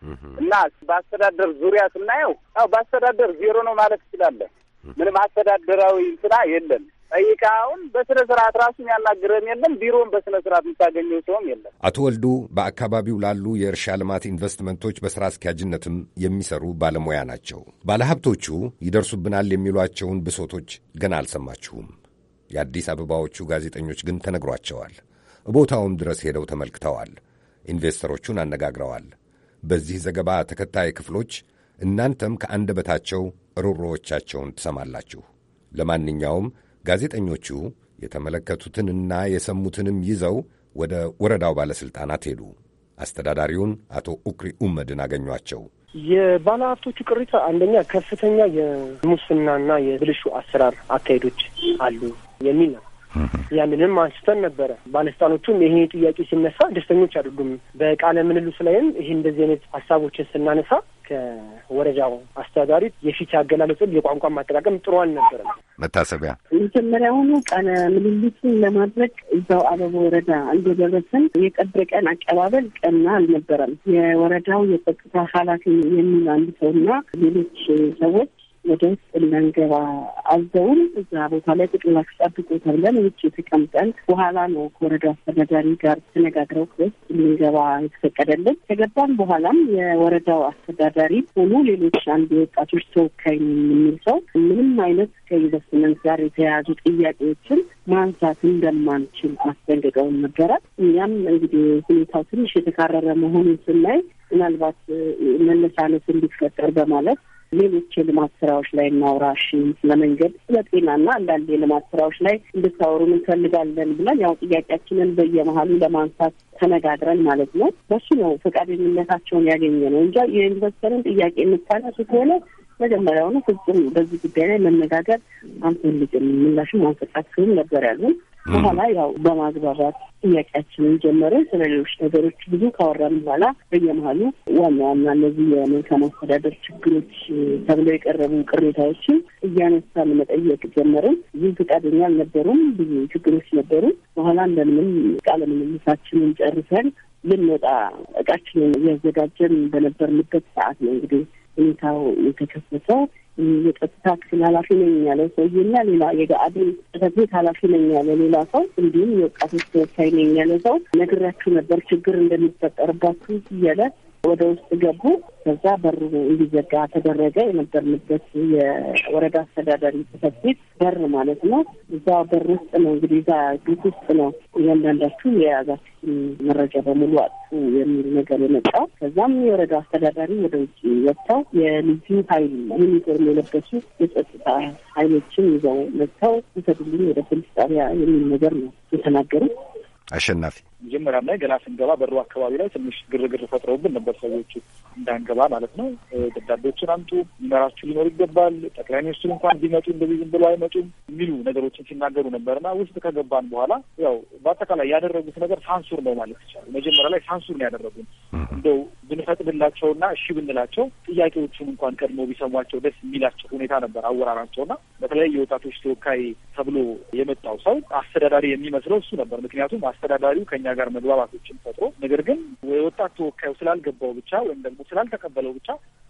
እና በአስተዳደር ዙሪያ ስናየው ያው በአስተዳደር ዜሮ ነው ማለት ይችላለን። ምንም አስተዳደራዊ እንትና የለም። ጠይቃ አሁን በስነ ስርዓት ራሱን ያናግረም የለም ቢሮን በስነ ስርዓት የምታገኘው ሰውም የለም። አቶ ወልዱ በአካባቢው ላሉ የእርሻ ልማት ኢንቨስትመንቶች በስራ አስኪያጅነትም የሚሰሩ ባለሙያ ናቸው። ባለሀብቶቹ ይደርሱብናል የሚሏቸውን ብሶቶች ገና አልሰማችሁም። የአዲስ አበባዎቹ ጋዜጠኞች ግን ተነግሯቸዋል። ቦታውም ድረስ ሄደው ተመልክተዋል። ኢንቨስተሮቹን አነጋግረዋል። በዚህ ዘገባ ተከታይ ክፍሎች እናንተም ከአንደበታቸው ሩሮዎቻቸውን ትሰማላችሁ። ለማንኛውም ጋዜጠኞቹ የተመለከቱትንና የሰሙትንም ይዘው ወደ ወረዳው ባለሥልጣናት ሄዱ። አስተዳዳሪውን አቶ ኡክሪ ኡመድን አገኟቸው። የባለሀብቶቹ ቅሬታ አንደኛ ከፍተኛ የሙስናና የብልሹ አሰራር አካሄዶች አሉ የሚል ነው። ያንንም አንስተን ነበረ። ባለስልጣኖቹም ይሄ ጥያቄ ሲነሳ ደስተኞች አይደሉም። በቃለ ምልልሱ ላይም ይሄ እንደዚህ አይነት ሀሳቦችን ስናነሳ ከወረዳው አስተዳዳሪ የፊት አገላለጽም የቋንቋ ማጠቃቀም ጥሩ አልነበረም። መታሰቢያ መጀመሪያውኑ ቃለ ምልልሱን ለማድረግ እዛው አበበ ወረዳ እንደደረስን የቀብረ ቀን አቀባበል ቀና አልነበረም። የወረዳው የጸጥታ ኃላፊ የሚል አንድ ሰውና ሌሎች ሰዎች ወደ ውስጥ እንዳንገባ አዘውን እዛ ቦታ ላይ ጥቅላችሁ ጠብቁ ተብለን ውጭ ተቀምጠን በኋላ ነው ከወረዳ አስተዳዳሪ ጋር ተነጋግረው ክስ እንገባ የተፈቀደልን። ከገባን በኋላም የወረዳው አስተዳዳሪ ሆኑ ሌሎች አንድ የወጣቶች ተወካይ የምንል ሰው ምንም አይነት ከኢንቨስትመንት ጋር የተያያዙ ጥያቄዎችን ማንሳት እንደማንችል አስጠንቅቀውን ነበረ። እኛም እንግዲህ ሁኔታው ትንሽ የተካረረ መሆኑን ስናይ ምናልባት መነሳነት እንዲፈጠር በማለት ሌሎች የልማት ስራዎች ላይ እናውራሽ፣ ስለ መንገድ፣ ስለ ጤናና አንዳንድ የልማት ስራዎች ላይ እንድታወሩን እንፈልጋለን ብለን ያው ጥያቄያችንን በየመሀሉ ለማንሳት ተነጋግረን ማለት ነው። በሱ ነው ፈቃደኝነታቸውን ያገኘ ነው እንጃ የኢንቨስተርን ጥያቄ የምታነሱ ከሆነ መጀመሪያውኑ ፍጹም በዚህ ጉዳይ ላይ መነጋገር አንፈልግም፣ ምላሽም አንሰጣችሁም ነበር ያሉን። በኋላ ያው በማግባባት ጥያቄያችንን ጀመርን። ስለ ሌሎች ነገሮች ብዙ ካወራን በኋላ በየመሀሉ ዋና ዋና እነዚህ የመልካም አስተዳደር ችግሮች ተብለው የቀረቡ ቅሬታዎችን እያነሳን መጠየቅ ጀመርን። ብዙ ፍቃደኛ አልነበሩም። ብዙ ችግሮች ነበሩ። በኋላ እንደምንም ቃለ ምልልሳችንን ጨርሰን ልንወጣ እቃችንን እያዘጋጀን በነበርንበት ሰዓት ነው እንግዲህ ሁኔታው የተከሰተው። የጸጥታ ክፍል ኃላፊ ነኝ ያለው ሰውዬና ሌላ የጋአድን ጽሕፈት ቤት ኃላፊ ነኝ ያለ ሌላ ሰው እንዲሁም የወጣቶች ተወካይ ነኝ ያለ ሰው ነግሬያችሁ ነበር ችግር እንደሚፈጠርባችሁ እያለ ወደ ውስጥ ገቡ። ከዛ በሩ እንዲዘጋ ተደረገ። የነበርንበት የወረዳ አስተዳዳሪ ጽሕፈት ቤት በር ማለት ነው። እዛ በር ውስጥ ነው እንግዲህ እዛ ግት ውስጥ ነው እያንዳንዳችሁ የያዛችሁን መረጃ በሙሉ አጥፉ የሚል ነገር የመጣው። ከዛም የወረዳ አስተዳዳሪ ወደ ውጭ ወጥተው የልዩ ኃይል ዩኒፎርም የለበሱ የጸጥታ ኃይሎችን ይዘው መጥተው ውሰዱልኝ ወደ ፖሊስ ጣቢያ የሚል ነገር ነው የተናገሩት። አሸናፊ መጀመሪያም ላይ ገና ስንገባ በሩ አካባቢ ላይ ትንሽ ግርግር ፈጥረውብን ነበር ሰዎቹ እንዳንገባ ማለት ነው። ደብዳቤዎችን አምጡ፣ ሚመራችሁ ሊኖር ይገባል፣ ጠቅላይ ሚኒስትሩ እንኳን ቢመጡ እንደዚህ ዝም ብሎ አይመጡም የሚሉ ነገሮችን ሲናገሩ ነበርና ውስጥ ከገባን በኋላ ያው በአጠቃላይ ያደረጉት ነገር ሳንሱር ነው ማለት ይቻላል። መጀመሪያ ላይ ሳንሱር ነው ያደረጉን። እንደው ብንፈቅድላቸውና እሺ ብንላቸው ጥያቄዎቹን እንኳን ቀድሞ ቢሰሟቸው ደስ የሚላቸው ሁኔታ ነበር አወራራቸውና በተለያዩ የወጣቶች ተወካይ ተብሎ የመጣው ሰው አስተዳዳሪ የሚመስለው እሱ ነበር። ምክንያቱም አስተዳዳሪው ከኛ ጋር መግባባቶችን ፈጥሮ ነገር ግን የወጣት ተወካዩ ስላልገባው ብቻ ወይም ደግሞ ስላልተቀበለው ብቻ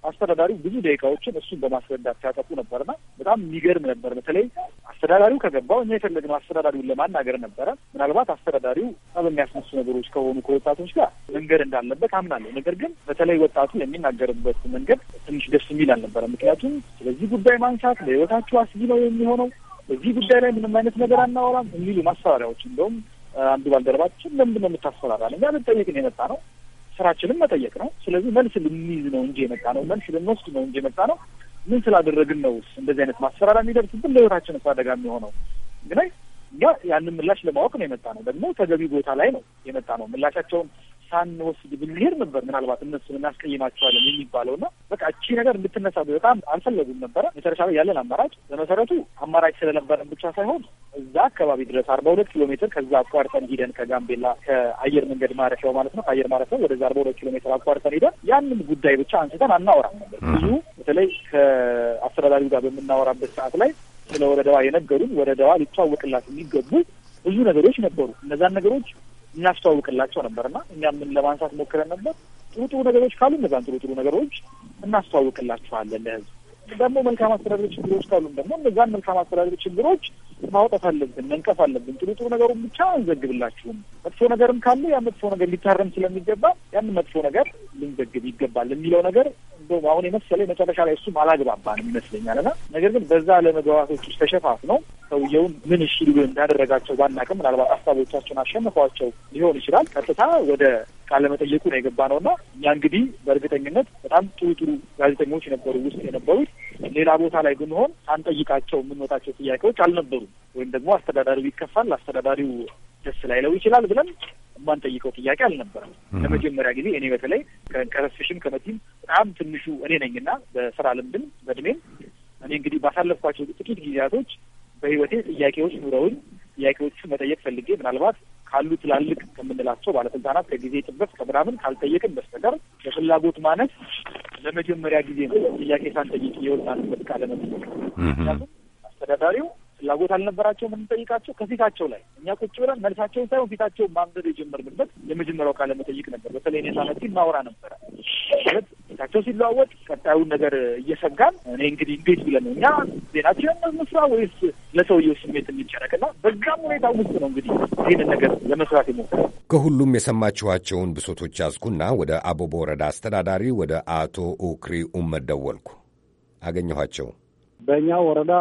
አስተዳዳሪው ብዙ ደቂቃዎችን እሱን በማስረዳት ሲያጠፉ ነበርና በጣም የሚገርም ነበር። በተለይ አስተዳዳሪው ከገባው እኛ የፈለግነው አስተዳዳሪውን ለማናገር ነበረ። ምናልባት አስተዳዳሪው በሚያስነሱ ነገሮች ከሆኑ ከወጣቶች ጋር መንገድ እንዳለበት አምናለሁ። ነገር ግን በተለይ ወጣቱ የሚናገርበት መንገድ ትንሽ ደስ የሚል አልነበረ። ምክንያቱም ስለዚህ ጉዳይ ማንሳት ለህይወታቸው አስጊ ነው የሚሆነው፣ በዚህ ጉዳይ ላይ ምንም አይነት ነገር አናወራም የሚሉ ማስተባበሪያዎች እንደውም አንዱ ባልደረባችን ለምንድን ነው የምታስፈራራል? እኛ ልንጠይቅን የመጣ ነው፣ ስራችንም መጠየቅ ነው። ስለዚህ መልስ ልንይዝ ነው እንጂ የመጣ ነው፣ መልስ ልንወስድ ነው እንጂ የመጣ ነው። ምን ስላደረግን ነው እንደዚህ አይነት ማስፈራራ የሚደርስብን? ለህይወታችን አደጋ የሚሆነው ግን እኛ ያንን ምላሽ ለማወቅ ነው የመጣ ነው። ደግሞ ተገቢ ቦታ ላይ ነው የመጣ ነው። ምላሻቸውን ሳንወስድ ብንሄድ ነበር ምናልባት እነሱን እናስቀይማቸዋለን የሚባለው እና በቃ እቺ ነገር እንድትነሳ በጣም አልፈለጉም ነበረ። መሰረሻ ላይ ያለን አማራጭ በመሰረቱ አማራጭ ስለነበረን ብቻ ሳይሆን እዛ አካባቢ ድረስ አርባ ሁለት ኪሎ ሜትር ከዛ አቋርጠን ሂደን ከጋምቤላ ከአየር መንገድ ማረፊያው ማለት ነው ከአየር ማረፊያው ወደዛ አርባ ሁለት ኪሎ ሜትር አቋርጠን ሂደን ያንን ጉዳይ ብቻ አንስተን አናወራም ነበር። ብዙ በተለይ ከአስተዳዳሪው ጋር በምናወራበት ሰዓት ላይ ስለ ወረዳዋ የነገሩን ወረዳዋ ሊተዋወቅላት የሚገቡ ብዙ ነገሮች ነበሩ። እነዛን ነገሮች እናስተዋውቅላቸው ነበር እኛ ምን ለማንሳት ሞክረን ነበር። ጥሩ ጥሩ ነገሮች ካሉ እነዛን ጥሩ ጥሩ ነገሮች እናስተዋውቅላቸዋለን ለህዝብ። ደግሞ መልካም አስተዳደር ችግሮች ካሉም ደግሞ እነዛን መልካም አስተዳደር ችግሮች ማውጣት አለብን፣ መንቀፍ አለብን። ጥሩ ጥሩ ነገሩን ብቻ አንዘግብላችሁም። መጥፎ ነገርም ካለ ያ መጥፎ ነገር ሊታረም ስለሚገባ ያን መጥፎ ነገር ልንዘግብ ይገባል የሚለው ነገር እንደውም አሁን የመሰለ መጨረሻ ላይ እሱም አላግባባንም ይመስለኛል እና ነገር ግን በዛ አለመግባባቶች ውስጥ ተሸፋፍ ነው ሰውየውን ምን እሺ ሊሉ እንዳደረጋቸው ባናቅም ምናልባት ሀሳቦቻቸውን አሸንፈዋቸው ሊሆን ይችላል። ቀጥታ ወደ ቃለ መጠየቁ ነው የገባ ነው እና እኛ እንግዲህ በእርግጠኝነት በጣም ጥሩ ጥሩ ጋዜጠኞች የነበሩ ውስጥ የነበሩት ሌላ ቦታ ላይ ብንሆን ሳንጠይቃቸው የምንወጣቸው ጥያቄዎች አልነበሩም። ወይም ደግሞ አስተዳዳሪው ይከፋል፣ አስተዳዳሪው ደስ ላይለው ይችላል ብለን ጠይቀው ጥያቄ አልነበረም። ለመጀመሪያ ጊዜ እኔ በተለይ ከረስሽም ከመቲም በጣም ትንሹ እኔ ነኝና በስራ ልምድም በእድሜም እኔ እንግዲህ ባሳለፍኳቸው ጥቂት ጊዜያቶች በህይወቴ ጥያቄዎች ኑረውኝ ጥያቄዎቹ መጠየቅ ፈልጌ ምናልባት ካሉ ትላልቅ ከምንላቸው ባለስልጣናት ከጊዜ ጥበት ከምናምን ካልጠየቅን በስተቀር በፍላጎት ማነት ለመጀመሪያ ጊዜ ነው ጥያቄ ሳንጠይቅ የወጣንበት ቃለ ምክንያቱም አስተዳዳሪው ፍላጎት አልነበራቸውም እንጠይቃቸው ከፊታቸው ላይ እኛ ቁጭ ብለን መልሳቸውን ሳይሆን ፊታቸውን ማንበብ የጀመርንበት የመጀመሪያው ቃለ መጠይቅ ነበር። በተለይ እኔ መሲ እናወራ ነበረ ማለት ፊታቸው ሲለዋወጥ ቀጣዩን ነገር እየሰጋን እኔ እንግዲህ እንዴት ብለን እኛ ዜናችንን መስራ ወይስ ለሰውየው ስሜት እንጨረቅና በዛም ሁኔታ ውስጥ ነው እንግዲህ ይህንን ነገር ለመስራት የሞከረ ከሁሉም የሰማችኋቸውን ብሶቶች ያዝኩና ወደ አቦቦ ወረዳ አስተዳዳሪ ወደ አቶ ኡክሪ ኡመደወልኩ ደወልኩ። አገኘኋቸው። በእኛ ወረዳ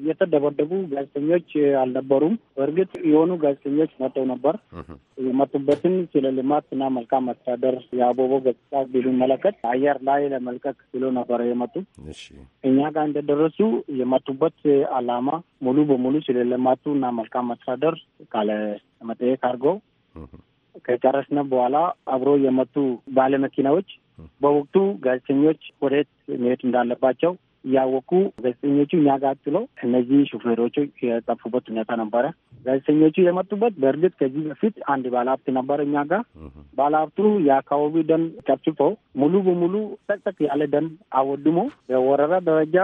እየተደበደቡ ጋዜጠኞች አልነበሩም። በእርግጥ የሆኑ ጋዜጠኞች መጥተው ነበር። የመጡበትን ስለ ልማት እና መልካም መስተዳደር የአቦቦ ገጽታ ቢመለከት አየር ላይ ለመልቀቅ ብሎ ነበረ የመጡ እኛ ጋር እንደደረሱ የመጡበት አላማ ሙሉ በሙሉ ስለ ልማቱ እና መልካም መስተዳደር ካለ መጠየቅ አድርገው ከጨረስነ በኋላ አብሮ የመጡ ባለመኪናዎች በወቅቱ ጋዜጠኞች ወዴት መሄድ እንዳለባቸው እያወቁ ጋዜጠኞቹ እኛ ጋር ጥለው እነዚህ ሹፌሮቹ የጠፉበት ሁኔታ ነበረ። ጋዜጠኞቹ የመጡበት በእርግጥ ከዚህ በፊት አንድ ባለሀብት ነበረ እኛ ጋር። ባለሀብቱ የአካባቢ ደን ጨፍጭፎ ሙሉ በሙሉ ጠቅጠቅ ያለ ደን አወድሞ በወረራ ደረጃ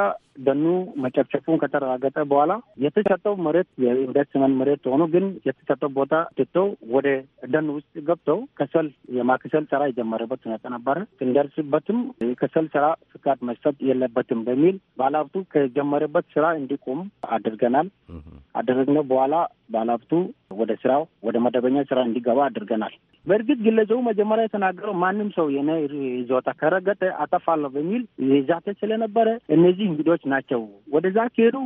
ደኑ መጨፍጨፉን ከተረጋገጠ በኋላ የተሰጠው መሬት የኢንቨስትመንት መሬት ሆኖ ግን የተሰጠው ቦታ ትተው ወደ ደን ውስጥ ገብተው ከሰል የማክሰል ስራ የጀመረበት ሁኔታ ነበረ። ስንደርስበትም የከሰል ስራ ፍቃድ መስጠት የለበትም በሚል በሚል ባለሀብቱ ከጀመረበት ስራ እንዲቆም አድርገናል። አደረግነው በኋላ ባለሀብቱ ወደ ስራው ወደ መደበኛ ስራ እንዲገባ አድርገናል። በእርግጥ ግለሰቡ መጀመሪያ የተናገረው ማንም ሰው የኔ ይዞታ ከረገጠ አጠፋለሁ በሚል ይዛተ ስለነበረ እነዚህ እንግዶች ናቸው፣ ወደዛ ከሄዱ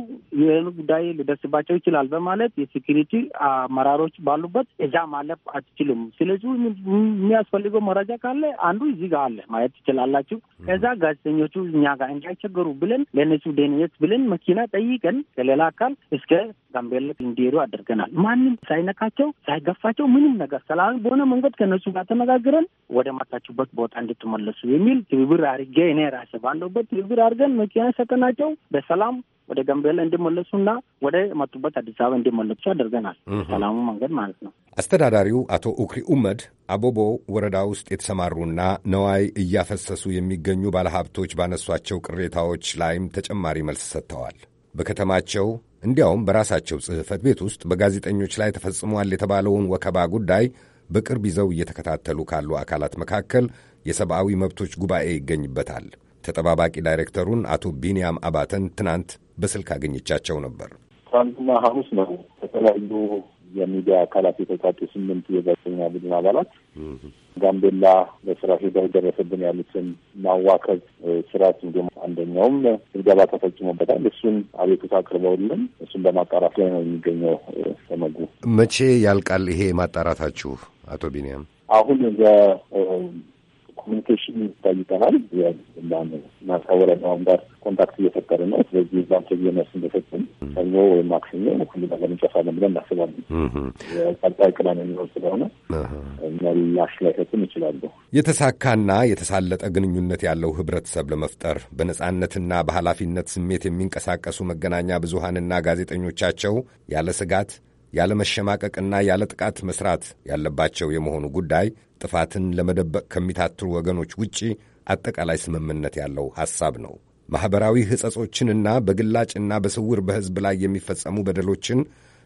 ይህን ጉዳይ ሊደርስባቸው ይችላል በማለት የሴኪሪቲ አመራሮች ባሉበት እዛ ማለፍ አትችሉም። ስለዚህ የሚያስፈልገው መረጃ ካለ አንዱ እዚህ ጋር አለ ማየት ትችላላችሁ። ከዛ ጋዜጠኞቹ እኛ ጋር እንዳይቸገሩ ብለን ለእነሱ ደህንነት ብለን መኪና ጠይቀን ከሌላ አካል እስከ ጋምቤላ እንዲሄዱ አድርገናል። ማንም ሳይነካቸው ሳይገፋቸው ምንም ነገር ሰላም በሆነ መንገድ ከእነሱ ጋር ተነጋግረን ወደ ማታችሁበት ቦታ እንድትመለሱ የሚል ትብብር አድርጌ እኔ ራሴ ባለሁበት ትብብር አድርገን መኪና ሰጠናቸው በሰላም ወደ ጋምቤላ እንዲመለሱና ወደ መጡበት አዲስ አበባ እንዲመለሱ አድርገናል። በሰላሙ መንገድ ማለት ነው። አስተዳዳሪው አቶ ኡክሪ ኡመድ አቦቦ ወረዳ ውስጥ የተሰማሩና ነዋይ እያፈሰሱ የሚገኙ ባለሀብቶች ባነሷቸው ቅሬታዎች ላይም ተጨማሪ መልስ ሰጥተዋል። በከተማቸው እንዲያውም በራሳቸው ጽሕፈት ቤት ውስጥ በጋዜጠኞች ላይ ተፈጽሟል የተባለውን ወከባ ጉዳይ በቅርብ ይዘው እየተከታተሉ ካሉ አካላት መካከል የሰብአዊ መብቶች ጉባኤ ይገኝበታል። ተጠባባቂ ዳይሬክተሩን አቶ ቢንያም አባተን ትናንት በስልክ አገኘቻቸው ነበር። ትናንትና ሐሙስ ነው ከተለያዩ የሚዲያ አካላት የተውጣጡ ስምንት የጋዜጠኛ ቡድን አባላት ጋምቤላ በስራ ሂደው ደረሰብን ያሉትን ማዋከብ ስርዓት እንዲሁም አንደኛውም ድብደባ ተፈጽሞበታል። እሱን አቤቱታ አቅርበውልን እሱን በማጣራት ላይ ነው የሚገኘው። ተመጉ መቼ ያልቃል ይሄ ማጣራታችሁ? አቶ ቢንያም አሁን ኮሚኒኬሽን ይጠይቀናል። ዛን ማስታወሪያም ጋር ኮንታክት እየፈጠረ ነው። ስለዚህ ዛም ተየመርስ እንደሰጥም ሰኞ ወይም ማክሰኞ ሁሉ ነገር እንጨፋለን ብለን እናስባለን። ቀጣይ ቅዳሜ የሚኖር ስለሆነ መላሽ ላይ ሰጥም ይችላሉ። የተሳካና የተሳለጠ ግንኙነት ያለው ህብረተሰብ ለመፍጠር በነጻነትና በኃላፊነት ስሜት የሚንቀሳቀሱ መገናኛ ብዙሀንና ጋዜጠኞቻቸው ያለ ስጋት ያለ መሸማቀቅና ያለ ጥቃት መስራት ያለባቸው የመሆኑ ጉዳይ ጥፋትን ለመደበቅ ከሚታትሩ ወገኖች ውጪ አጠቃላይ ስምምነት ያለው ሐሳብ ነው። ማኅበራዊ ሕጸጾችንና በግላጭና በስውር በሕዝብ ላይ የሚፈጸሙ በደሎችን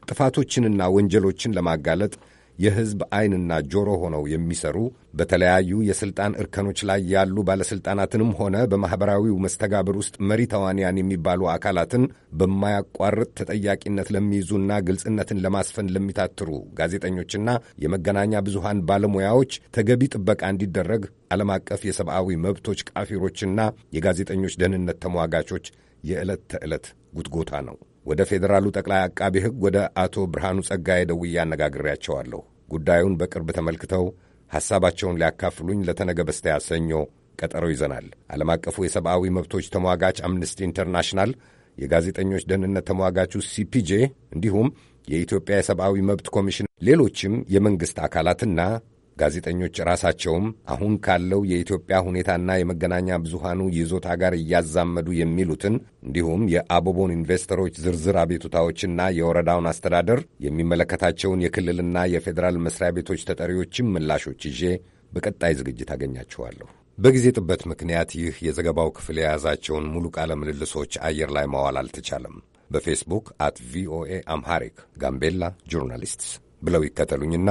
ጥፋቶችንና ወንጀሎችን ለማጋለጥ የሕዝብ ዐይንና ጆሮ ሆነው የሚሰሩ በተለያዩ የሥልጣን እርከኖች ላይ ያሉ ባለሥልጣናትንም ሆነ በማኅበራዊው መስተጋብር ውስጥ መሪ ተዋንያን የሚባሉ አካላትን በማያቋርጥ ተጠያቂነት ለሚይዙና ግልጽነትን ለማስፈን ለሚታትሩ ጋዜጠኞችና የመገናኛ ብዙሃን ባለሙያዎች ተገቢ ጥበቃ እንዲደረግ ዓለም አቀፍ የሰብአዊ መብቶች ቃፊሮችና የጋዜጠኞች ደህንነት ተሟጋቾች የዕለት ተዕለት ጉትጎታ ነው። ወደ ፌዴራሉ ጠቅላይ አቃቢ ሕግ ወደ አቶ ብርሃኑ ጸጋዬ ደውዬ አነጋግሬያቸዋለሁ። ጉዳዩን በቅርብ ተመልክተው ሐሳባቸውን ሊያካፍሉኝ ለተነገ በስቲያ ሰኞ ቀጠሮ ይዘናል። ዓለም አቀፉ የሰብአዊ መብቶች ተሟጋች አምነስቲ ኢንተርናሽናል፣ የጋዜጠኞች ደህንነት ተሟጋቹ ሲፒጄ እንዲሁም የኢትዮጵያ የሰብአዊ መብት ኮሚሽን፣ ሌሎችም የመንግሥት አካላትና ጋዜጠኞች ራሳቸውም አሁን ካለው የኢትዮጵያ ሁኔታና የመገናኛ ብዙሃኑ ይዞታ ጋር እያዛመዱ የሚሉትን እንዲሁም የአቦቦን ኢንቨስተሮች ዝርዝር አቤቱታዎችና የወረዳውን አስተዳደር የሚመለከታቸውን የክልልና የፌዴራል መስሪያ ቤቶች ተጠሪዎችም ምላሾች ይዤ በቀጣይ ዝግጅት አገኛችኋለሁ። በጊዜ ጥበት ምክንያት ይህ የዘገባው ክፍል የያዛቸውን ሙሉ ቃለ ምልልሶች አየር ላይ ማዋል አልተቻለም። በፌስቡክ አት ቪኦኤ አምሃሪክ ጋምቤላ ጆርናሊስትስ ብለው ይከተሉኝና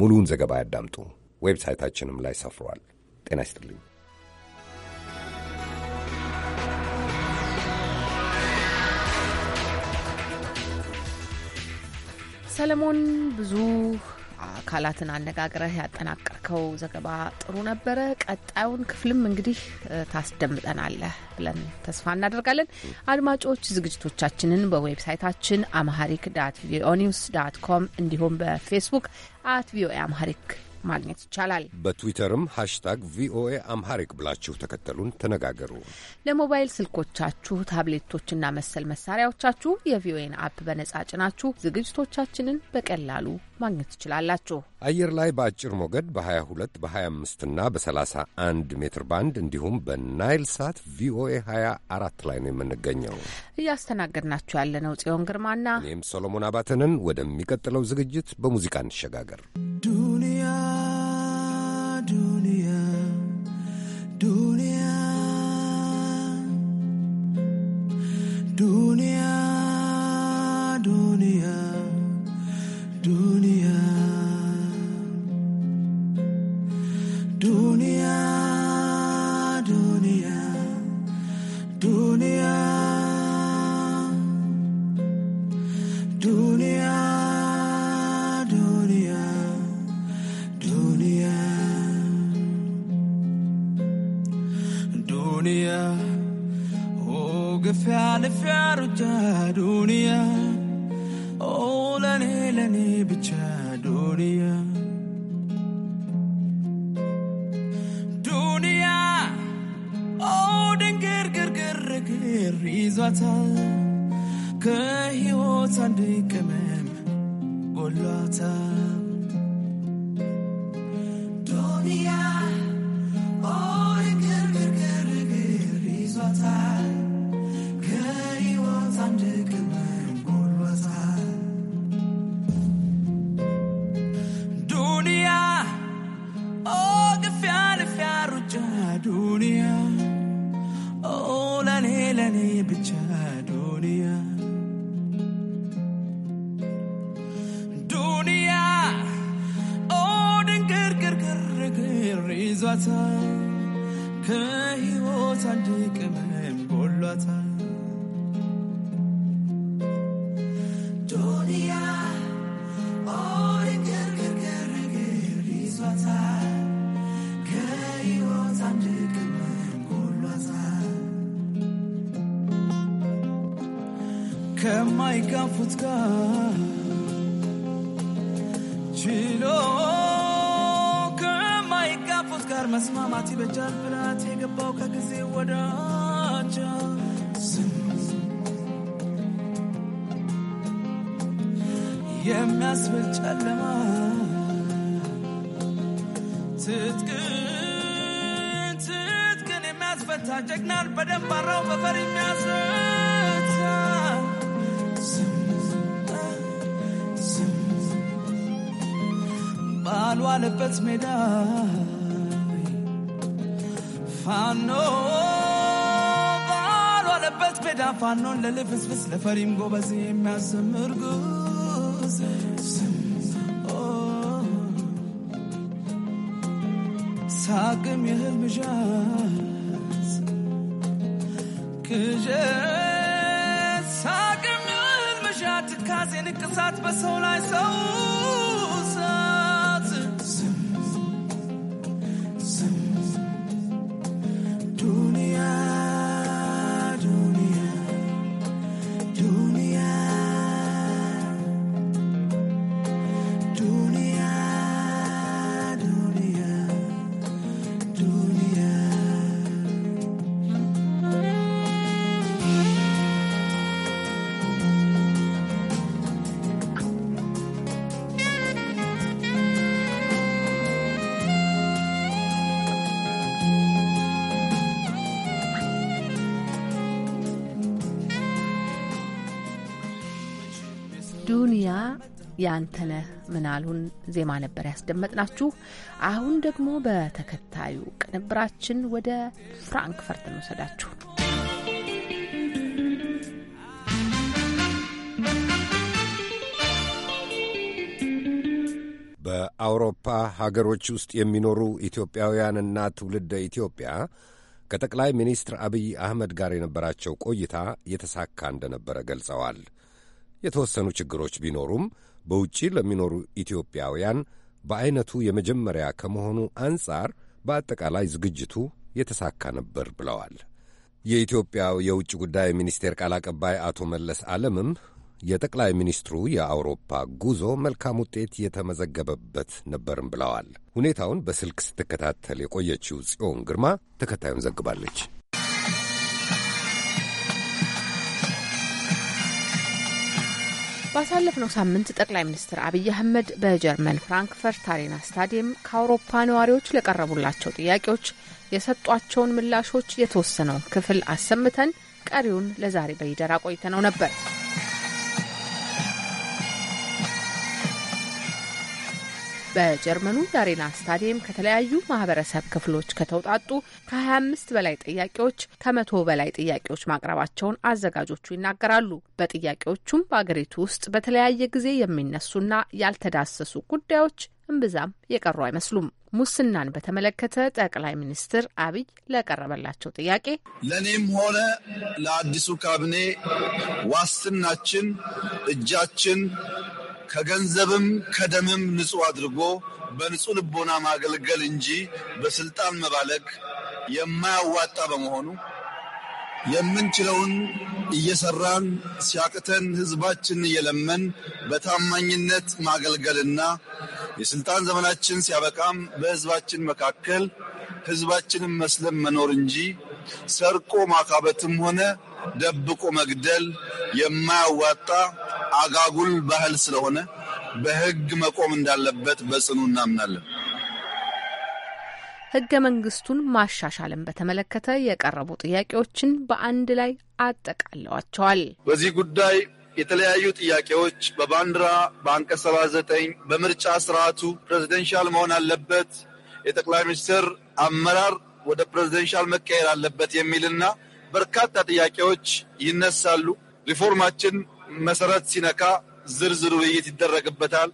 ሙሉውን ዘገባ ያዳምጡ። ዌብሳይታችንም ላይ ሰፍሯል። ጤና ይስጥልኝ። ሰለሞን ብዙ አካላትን አነጋግረህ ያጠናቀርከው ዘገባ ጥሩ ነበረ። ቀጣዩን ክፍልም እንግዲህ ታስደምጠናለህ ብለን ተስፋ እናደርጋለን። አድማጮች ዝግጅቶቻችንን በዌብሳይታችን አምሃሪክ ዳት ቪኦኤ ኒውስ ዳት ኮም እንዲሁም በፌስቡክ አት ቪኦኤ አምሃሪክ ማግኘት ይቻላል። በትዊተርም ሃሽታግ ቪኦኤ አምሃሪክ ብላችሁ ተከተሉን፣ ተነጋገሩ። ለሞባይል ስልኮቻችሁ ታብሌቶችና መሰል መሳሪያዎቻችሁ የቪኦኤን አፕ በነጻ ጭናችሁ ዝግጅቶቻችንን በቀላሉ ማግኘት ትችላላችሁ። አየር ላይ በአጭር ሞገድ በ22 በ25 እና በ31 ሜትር ባንድ እንዲሁም በናይል ሳት ቪኦኤ 24 ላይ ነው የምንገኘው። እያስተናገድናችሁ ያለነው ጽዮን ግርማና እኔም ሶሎሞን አባተንን። ወደሚቀጥለው ዝግጅት በሙዚቃ እንሸጋገር። ዱንያ dunia dunia dunia dunia dunia dunia dunia በርካታ ጀግናን በደንብ አራው በፈር የሚያስታ ባሉ ሜዳ ፋኖ ባሉ ሜዳ ፋኖን ለልፍስፍስ ለፈሪም ጎበዝ የሚያዘምር ጉዝ ሳቅም የህልም ቅዠት ሳቅም ይሁን መሻት ካዜ ንቅሳት በሰው ላይ ሰው የአንተነህ ምናሉን ዜማ ነበር ያስደመጥናችሁ። አሁን ደግሞ በተከታዩ ቅንብራችን ወደ ፍራንክፈርት እንወሰዳችሁ። በአውሮፓ ሀገሮች ውስጥ የሚኖሩ ኢትዮጵያውያንና ትውልደ ኢትዮጵያ ከጠቅላይ ሚኒስትር አብይ አህመድ ጋር የነበራቸው ቆይታ የተሳካ እንደነበረ ገልጸዋል። የተወሰኑ ችግሮች ቢኖሩም በውጭ ለሚኖሩ ኢትዮጵያውያን በዐይነቱ የመጀመሪያ ከመሆኑ አንጻር በአጠቃላይ ዝግጅቱ የተሳካ ነበር ብለዋል። የኢትዮጵያው የውጭ ጉዳይ ሚኒስቴር ቃል አቀባይ አቶ መለስ ዓለምም የጠቅላይ ሚኒስትሩ የአውሮፓ ጉዞ መልካም ውጤት የተመዘገበበት ነበርም ብለዋል። ሁኔታውን በስልክ ስትከታተል የቆየችው ጽዮን ግርማ ተከታዩን ዘግባለች። ባሳለፍነው ሳምንት ጠቅላይ ሚኒስትር አብይ አህመድ በጀርመን ፍራንክፈርት አሬና ስታዲየም ከአውሮፓ ነዋሪዎች ለቀረቡላቸው ጥያቄዎች የሰጧቸውን ምላሾች የተወሰነውን ክፍል አሰምተን ቀሪውን ለዛሬ በይደራ ቆይተነው ነበር። በጀርመኑ የአሬና ስታዲየም ከተለያዩ ማህበረሰብ ክፍሎች ከተውጣጡ ከ25 በላይ ጥያቄዎች ከመቶ በላይ ጥያቄዎች ማቅረባቸውን አዘጋጆቹ ይናገራሉ። በጥያቄዎቹም በአገሪቱ ውስጥ በተለያየ ጊዜ የሚነሱና ያልተዳሰሱ ጉዳዮች እምብዛም የቀሩ አይመስሉም። ሙስናን በተመለከተ ጠቅላይ ሚኒስትር አብይ ለቀረበላቸው ጥያቄ ለእኔም ሆነ ለአዲሱ ካቢኔ ዋስትናችን እጃችን ከገንዘብም ከደምም ንጹህ አድርጎ በንጹህ ልቦና ማገልገል እንጂ በስልጣን መባለግ የማያዋጣ በመሆኑ የምንችለውን እየሰራን ሲያቅተን ህዝባችን እየለመን በታማኝነት ማገልገልና የስልጣን ዘመናችን ሲያበቃም በህዝባችን መካከል ህዝባችንን መስለም መኖር እንጂ ሰርቆ ማካበትም ሆነ ደብቆ መግደል የማያዋጣ አጋጉል ባህል ስለሆነ በህግ መቆም እንዳለበት በጽኑ እናምናለን። ህገ መንግስቱን ማሻሻልን በተመለከተ የቀረቡ ጥያቄዎችን በአንድ ላይ አጠቃለዋቸዋል። በዚህ ጉዳይ የተለያዩ ጥያቄዎች በባንዲራ በአንቀጽ 79 በምርጫ ስርዓቱ ፕሬዚደንሻል መሆን አለበት፣ የጠቅላይ ሚኒስትር አመራር ወደ ፕሬዚደንሻል መቀየር አለበት የሚልና በርካታ ጥያቄዎች ይነሳሉ። ሪፎርማችን መሰረት ሲነካ ዝርዝር ውይይት ይደረግበታል።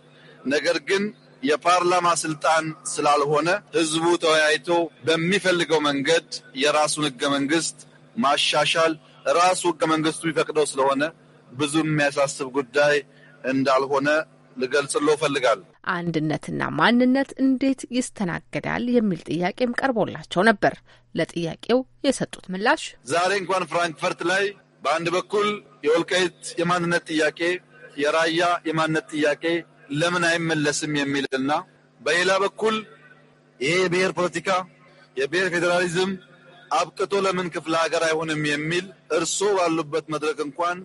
ነገር ግን የፓርላማ ስልጣን ስላልሆነ ህዝቡ ተወያይቶ በሚፈልገው መንገድ የራሱን ህገ መንግስት ማሻሻል ራሱ ህገ መንግስቱ የሚፈቅደው ስለሆነ ብዙ የሚያሳስብ ጉዳይ እንዳልሆነ ልገልጽሎ እፈልጋለሁ። አንድነትና ማንነት እንዴት ይስተናገዳል የሚል ጥያቄም ቀርቦላቸው ነበር። ለጥያቄው የሰጡት ምላሽ ዛሬ እንኳን ፍራንክፈርት ላይ በአንድ በኩል የወልቃይት የማንነት ጥያቄ፣ የራያ የማንነት ጥያቄ ለምን አይመለስም የሚልና በሌላ በኩል ይሄ የብሔር ፖለቲካ የብሔር ፌዴራሊዝም አብቅቶ ለምን ክፍለ ሀገር አይሆንም የሚል እርስዎ ባሉበት መድረክ እንኳን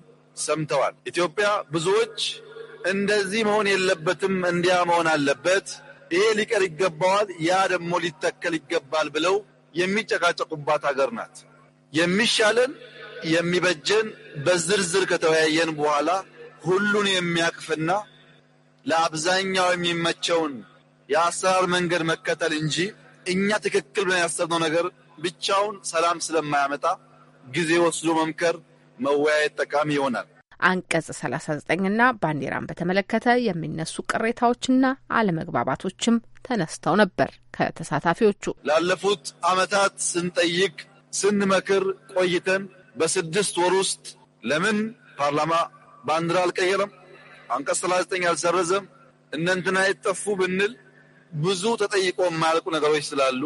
ሰምተዋል። ኢትዮጵያ ብዙዎች እንደዚህ መሆን የለበትም፣ እንዲያ መሆን አለበት፣ ይሄ ሊቀር ይገባዋል፣ ያ ደግሞ ሊተከል ይገባል ብለው የሚጨቃጨቁባት ሀገር ናት። የሚሻለን የሚበጀን በዝርዝር ከተወያየን በኋላ ሁሉን የሚያቅፍና ለአብዛኛው የሚመቸውን የአሰራር መንገድ መከተል እንጂ እኛ ትክክል ብለን ያሰብነው ነገር ብቻውን ሰላም ስለማያመጣ ጊዜ ወስዶ መምከር፣ መወያየት ጠቃሚ ይሆናል። አንቀጽ 39ና ባንዲራን በተመለከተ የሚነሱ ቅሬታዎችና አለመግባባቶችም ተነስተው ነበር። ከተሳታፊዎቹ ላለፉት ዓመታት ስንጠይቅ ስንመክር ቆይተን በስድስት ወር ውስጥ ለምን ፓርላማ ባንዲራ አልቀየረም፣ አንቀጽ 39 አልሰረዘም፣ እነንትና የጠፉ ብንል ብዙ ተጠይቆ የማያልቁ ነገሮች ስላሉ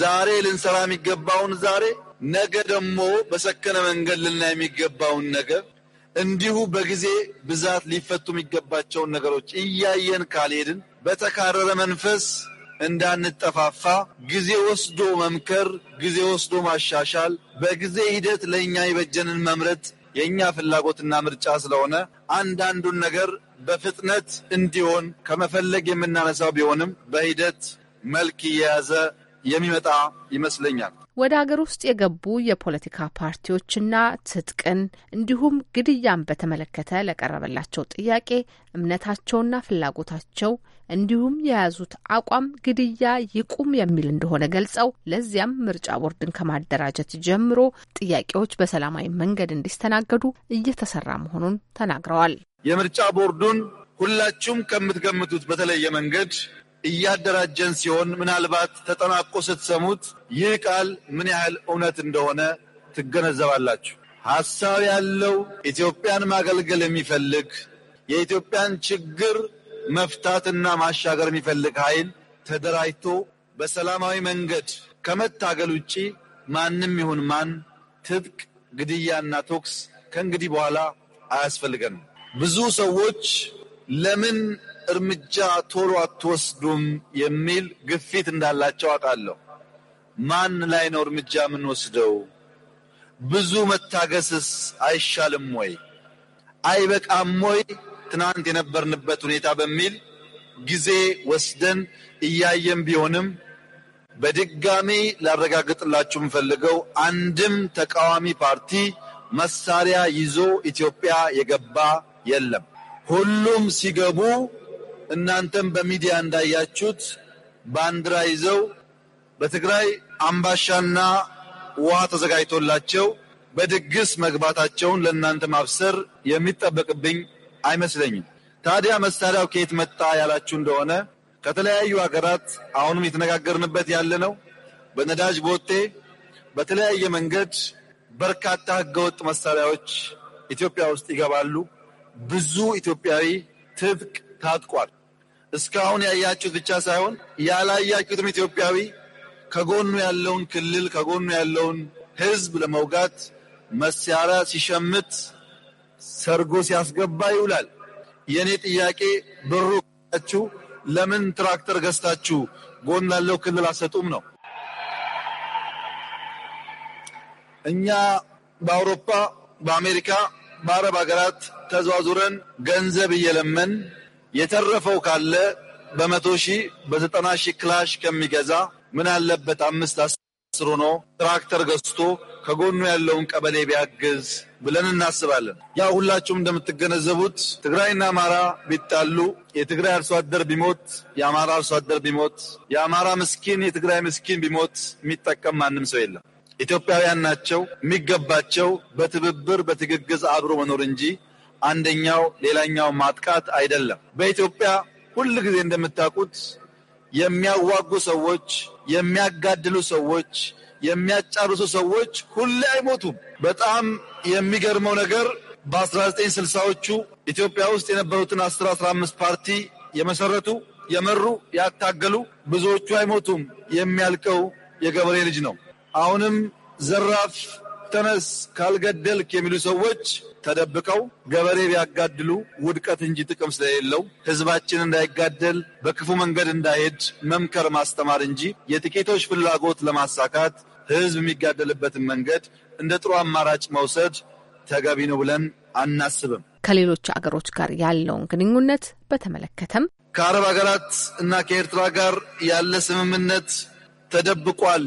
ዛሬ ልንሰራ የሚገባውን ዛሬ ነገ ደግሞ በሰከነ መንገድ ልና የሚገባውን ነገር እንዲሁ በጊዜ ብዛት ሊፈቱ የሚገባቸውን ነገሮች እያየን ካልሄድን በተካረረ መንፈስ እንዳንጠፋፋ ጊዜ ወስዶ መምከር፣ ጊዜ ወስዶ ማሻሻል፣ በጊዜ ሂደት ለእኛ የበጀንን መምረጥ የእኛ ፍላጎትና ምርጫ ስለሆነ አንዳንዱን ነገር በፍጥነት እንዲሆን ከመፈለግ የምናነሳው ቢሆንም በሂደት መልክ እየያዘ የሚመጣ ይመስለኛል። ወደ አገር ውስጥ የገቡ የፖለቲካ ፓርቲዎችና ትጥቅን እንዲሁም ግድያን በተመለከተ ለቀረበላቸው ጥያቄ እምነታቸውና ፍላጎታቸው እንዲሁም የያዙት አቋም ግድያ ይቁም የሚል እንደሆነ ገልጸው ለዚያም ምርጫ ቦርድን ከማደራጀት ጀምሮ ጥያቄዎች በሰላማዊ መንገድ እንዲስተናገዱ እየተሰራ መሆኑን ተናግረዋል። የምርጫ ቦርዱን ሁላችሁም ከምትገምቱት በተለየ መንገድ እያደራጀን ሲሆን ምናልባት ተጠናቆ ስትሰሙት ይህ ቃል ምን ያህል እውነት እንደሆነ ትገነዘባላችሁ። ሀሳብ ያለው ኢትዮጵያን ማገልገል የሚፈልግ የኢትዮጵያን ችግር መፍታትና ማሻገር የሚፈልግ ኃይል ተደራጅቶ በሰላማዊ መንገድ ከመታገል ውጪ ማንም ይሁን ማን ትጥቅ ግድያና ቶክስ ከእንግዲህ በኋላ አያስፈልገንም። ብዙ ሰዎች ለምን እርምጃ ቶሎ አትወስዱም የሚል ግፊት እንዳላቸው አውቃለሁ። ማን ላይ ነው እርምጃ የምንወስደው? ብዙ መታገስስ አይሻልም ወይ? አይበቃም ወይ? ትናንት የነበርንበት ሁኔታ በሚል ጊዜ ወስደን እያየን ቢሆንም በድጋሚ ላረጋግጥላችሁ የምፈልገው አንድም ተቃዋሚ ፓርቲ መሳሪያ ይዞ ኢትዮጵያ የገባ የለም። ሁሉም ሲገቡ እናንተም በሚዲያ እንዳያችሁት ባንዲራ ይዘው በትግራይ አምባሻና ውሃ ተዘጋጅቶላቸው በድግስ መግባታቸውን ለእናንተ ማብሰር የሚጠበቅብኝ አይመስለኝም። ታዲያ መሳሪያው ከየት መጣ ያላችሁ እንደሆነ ከተለያዩ ሀገራት አሁንም የተነጋገርንበት ያለ ነው። በነዳጅ ቦቴ፣ በተለያየ መንገድ በርካታ ህገወጥ መሳሪያዎች ኢትዮጵያ ውስጥ ይገባሉ። ብዙ ኢትዮጵያዊ ትጥቅ ታጥቋል። እስካሁን ያያችሁት ብቻ ሳይሆን ያላያችሁትም ኢትዮጵያዊ ከጎኑ ያለውን ክልል ከጎኑ ያለውን ሕዝብ ለመውጋት መሳሪያ ሲሸምት ሰርጎ ሲያስገባ ይውላል። የእኔ ጥያቄ ብሩ ችሁ ለምን ትራክተር ገዝታችሁ ጎን ላለው ክልል አሰጡም ነው። እኛ በአውሮፓ፣ በአሜሪካ፣ በአረብ ሀገራት ተዘዋዙረን ገንዘብ እየለመን የተረፈው ካለ በመቶ ሺህ በዘጠና ሺህ ክላሽ ከሚገዛ ምን አለበት አምስት አስር ሆኖ ትራክተር ገዝቶ ከጎኑ ያለውን ቀበሌ ቢያግዝ ብለን እናስባለን። ያው ሁላችሁም እንደምትገነዘቡት ትግራይና አማራ ቢጣሉ የትግራይ አርሶ አደር ቢሞት፣ የአማራ አርሶ አደር ቢሞት፣ የአማራ ምስኪን የትግራይ ምስኪን ቢሞት የሚጠቀም ማንም ሰው የለም። ኢትዮጵያውያን ናቸው። የሚገባቸው በትብብር በትግግዝ አብሮ መኖር እንጂ አንደኛው ሌላኛው ማጥቃት አይደለም። በኢትዮጵያ ሁል ጊዜ እንደምታውቁት የሚያዋጉ ሰዎች፣ የሚያጋድሉ ሰዎች፣ የሚያጫርሱ ሰዎች ሁሌ አይሞቱም። በጣም የሚገርመው ነገር በ1960ዎቹ ኢትዮጵያ ውስጥ የነበሩትን 10 15 ፓርቲ የመሰረቱ የመሩ ያታገሉ ብዙዎቹ አይሞቱም። የሚያልቀው የገበሬ ልጅ ነው። አሁንም ዘራፍ ተነስ ካልገደልክ የሚሉ ሰዎች ተደብቀው ገበሬ ቢያጋድሉ ውድቀት እንጂ ጥቅም ስለሌለው ሕዝባችን እንዳይጋደል በክፉ መንገድ እንዳይሄድ መምከር ማስተማር እንጂ የጥቂቶች ፍላጎት ለማሳካት ሕዝብ የሚጋደልበትን መንገድ እንደ ጥሩ አማራጭ መውሰድ ተገቢ ነው ብለን አናስብም። ከሌሎች አገሮች ጋር ያለውን ግንኙነት በተመለከተም ከአረብ ሀገራት እና ከኤርትራ ጋር ያለ ስምምነት ተደብቋል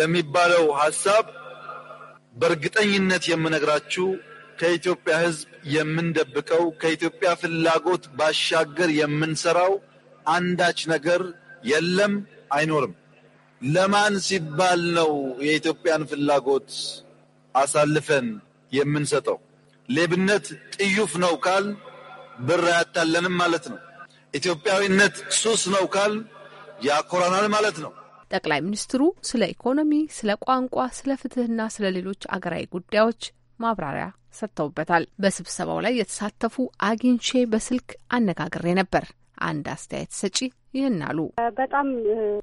ለሚባለው ሀሳብ በእርግጠኝነት የምነግራችሁ ከኢትዮጵያ ሕዝብ የምንደብቀው ከኢትዮጵያ ፍላጎት ባሻገር የምንሰራው አንዳች ነገር የለም፣ አይኖርም። ለማን ሲባል ነው የኢትዮጵያን ፍላጎት አሳልፈን የምንሰጠው? ሌብነት ጥዩፍ ነው ካል ብር አያታለንም ማለት ነው። ኢትዮጵያዊነት ሱስ ነው ካል ያኮራናል ማለት ነው። ጠቅላይ ሚኒስትሩ ስለ ኢኮኖሚ፣ ስለ ቋንቋ፣ ስለ ፍትህና ስለ ሌሎች አገራዊ ጉዳዮች ማብራሪያ ሰጥተውበታል። በስብሰባው ላይ የተሳተፉ አግኝቼ በስልክ አነጋግሬ ነበር። አንድ አስተያየት ሰጪ ይህን አሉ። በጣም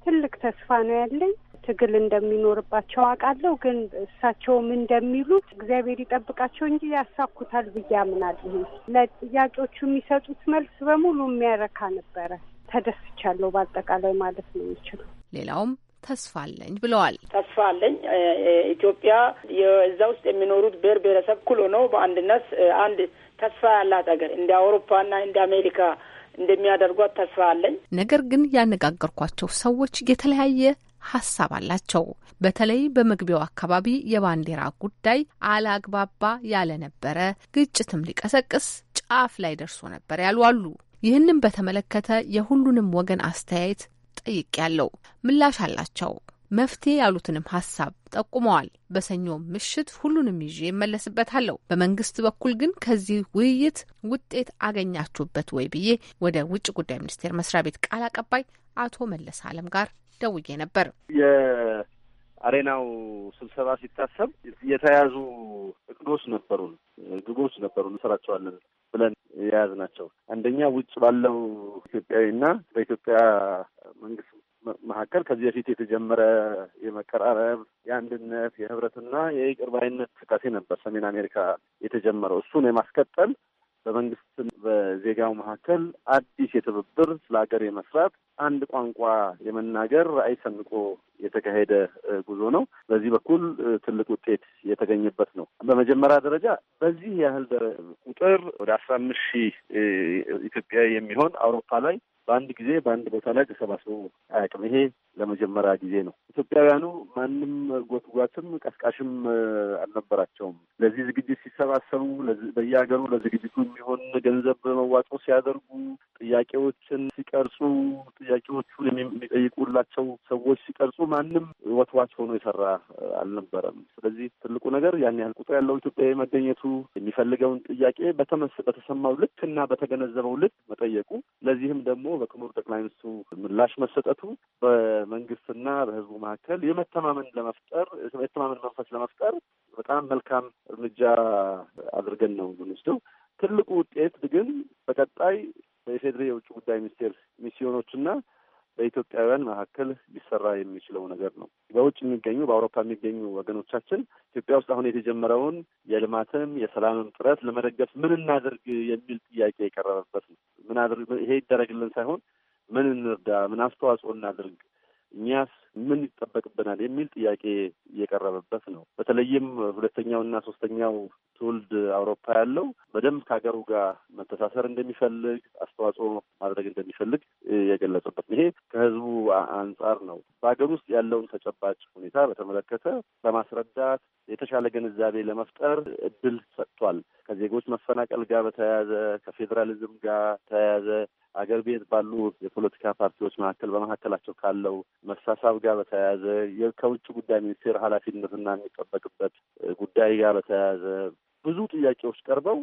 ትልቅ ተስፋ ነው ያለኝ። ትግል እንደሚኖርባቸው አውቃለሁ፣ ግን እሳቸውም እንደሚሉት እግዚአብሔር ይጠብቃቸው እንጂ ያሳኩታል ብዬ አምናለሁ። ለጥያቄዎቹ የሚሰጡት መልስ በሙሉ የሚያረካ ነበረ። ተደስቻለሁ። በአጠቃላይ ማለት ነው የሚችለው ሌላውም ተስፋ አለኝ ብለዋል። ተስፋ አለኝ ኢትዮጵያ እዛ ውስጥ የሚኖሩት ብሔር ብሔረሰብ ኩሎ ነው በአንድነት አንድ ተስፋ ያላት ሀገር እንደ አውሮፓና እንደ አሜሪካ እንደሚያደርጓት ተስፋ አለኝ። ነገር ግን ያነጋገርኳቸው ሰዎች የተለያየ ሀሳብ አላቸው። በተለይ በመግቢያው አካባቢ የባንዲራ ጉዳይ አላግባባ ያለ ነበረ፣ ግጭትም ሊቀሰቅስ ጫፍ ላይ ደርሶ ነበር ያሉ አሉ። ይህንም በተመለከተ የሁሉንም ወገን አስተያየት ጠይቄያለሁ። ምላሽ አላቸው። መፍትሄ ያሉትንም ሀሳብ ጠቁመዋል። በሰኞ ምሽት ሁሉንም ይዤ እመለስበታለሁ። በመንግስት በኩል ግን ከዚህ ውይይት ውጤት አገኛችሁበት ወይ ብዬ ወደ ውጭ ጉዳይ ሚኒስቴር መስሪያ ቤት ቃል አቀባይ አቶ መለስ አለም ጋር ደውዬ ነበር። የአሬናው ስብሰባ ሲታሰብ የተያዙ እቅዶች ነበሩን፣ ግቦች ነበሩን፣ እንሰራቸዋለን ብለን የያዝ ናቸው። አንደኛ ውጭ ባለው ኢትዮጵያዊና በኢትዮጵያ መንግስት መካከል ከዚህ በፊት የተጀመረ የመቀራረብ የአንድነት፣ የህብረትና የይቅር ባይነት እንቅስቃሴ ነበር ሰሜን አሜሪካ የተጀመረው። እሱን የማስቀጠል በመንግስት በዜጋው መካከል አዲስ የትብብር ስለ ሀገር የመስራት አንድ ቋንቋ የመናገር ራዕይ ሰንቆ የተካሄደ ጉዞ ነው። በዚህ በኩል ትልቅ ውጤት የተገኘበት ነው። በመጀመሪያ ደረጃ በዚህ ያህል ቁጥር ወደ አስራ አምስት ሺህ ኢትዮጵያ የሚሆን አውሮፓ ላይ በአንድ ጊዜ በአንድ ቦታ ላይ ተሰባስቦ አያውቅም። ይሄ ለመጀመሪያ ጊዜ ነው። ኢትዮጵያውያኑ ማንም ጎትጓትም ቀስቃሽም አልነበራቸውም። ለዚህ ዝግጅት ሲሰባሰቡ በየሀገሩ ለዝግጅቱ የሚሆን ገንዘብ በመዋጮ ሲያደርጉ፣ ጥያቄዎችን ሲቀርጹ፣ ጥያቄዎቹን የሚጠይቁላቸው ሰዎች ሲቀርጹ ማንም ወትዋች ሆኖ የሰራ አልነበረም። ስለዚህ ትልቁ ነገር ያን ያህል ቁጥር ያለው ኢትዮጵያዊ መገኘቱ የሚፈልገውን ጥያቄ በተሰማው ልክ እና በተገነዘበው ልክ መጠየቁ፣ ለዚህም ደግሞ በክቡር ጠቅላይ ሚኒስትሩ ምላሽ መሰጠቱ በመንግስትና በህዝቡ መካከል የመተማመን ለመፍጠር የመተማመን መንፈስ ለመፍጠር በጣም መልካም እርምጃ አድርገን ነው የምንወስደው። ትልቁ ውጤት ግን በቀጣይ በኢፌዴሪ የውጭ ጉዳይ ሚኒስቴር ሚስዮኖችና በኢትዮጵያውያን መካከል ሊሰራ የሚችለው ነገር ነው። በውጭ የሚገኙ በአውሮፓ የሚገኙ ወገኖቻችን ኢትዮጵያ ውስጥ አሁን የተጀመረውን የልማትም የሰላምም ጥረት ለመደገፍ ምን እናድርግ የሚል ጥያቄ የቀረበበት ነው። ምን አድርግ ይሄ ይደረግልን ሳይሆን ምን እንርዳ፣ ምን አስተዋጽኦ እናድርግ እኛስ ምን ይጠበቅብናል የሚል ጥያቄ የቀረበበት ነው። በተለይም ሁለተኛው ና ሶስተኛው ትውልድ አውሮፓ ያለው በደንብ ከሀገሩ ጋር መተሳሰር እንደሚፈልግ አስተዋጽኦ ማድረግ እንደሚፈልግ የገለጸበት ይሄ ከህዝቡ አንጻር ነው። በሀገር ውስጥ ያለውን ተጨባጭ ሁኔታ በተመለከተ ለማስረዳት የተሻለ ግንዛቤ ለመፍጠር እድል ሰጥቷል። ከዜጎች መፈናቀል ጋር በተያያዘ ከፌዴራሊዝም ጋር ተያያዘ አገር ቤት ባሉ የፖለቲካ ፓርቲዎች መካከል በመካከላቸው ካለው መሳሳብ ጋር በተያያዘ ከውጭ ጉዳይ ሚኒስቴር ኃላፊነትና የሚጠበቅበት ጉዳይ ጋር በተያያዘ ብዙ ጥያቄዎች ቀርበው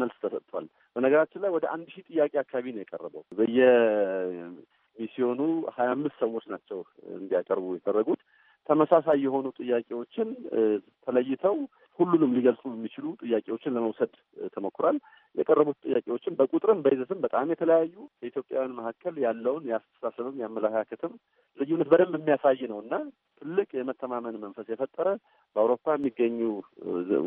መልስ ተሰጥቷል። በነገራችን ላይ ወደ አንድ ሺህ ጥያቄ አካባቢ ነው የቀረበው በየሚስዮኑ ሀያ አምስት ሰዎች ናቸው እንዲያቀርቡ የተደረጉት ተመሳሳይ የሆኑ ጥያቄዎችን ተለይተው ሁሉንም ሊገልጹ የሚችሉ ጥያቄዎችን ለመውሰድ ተሞክሯል። የቀረቡት ጥያቄዎችን በቁጥርም በይዘትም በጣም የተለያዩ በኢትዮጵያውያን መካከል ያለውን የአስተሳሰብም የአመለካከትም ልዩነት በደንብ የሚያሳይ ነው እና ትልቅ የመተማመን መንፈስ የፈጠረ በአውሮፓ የሚገኙ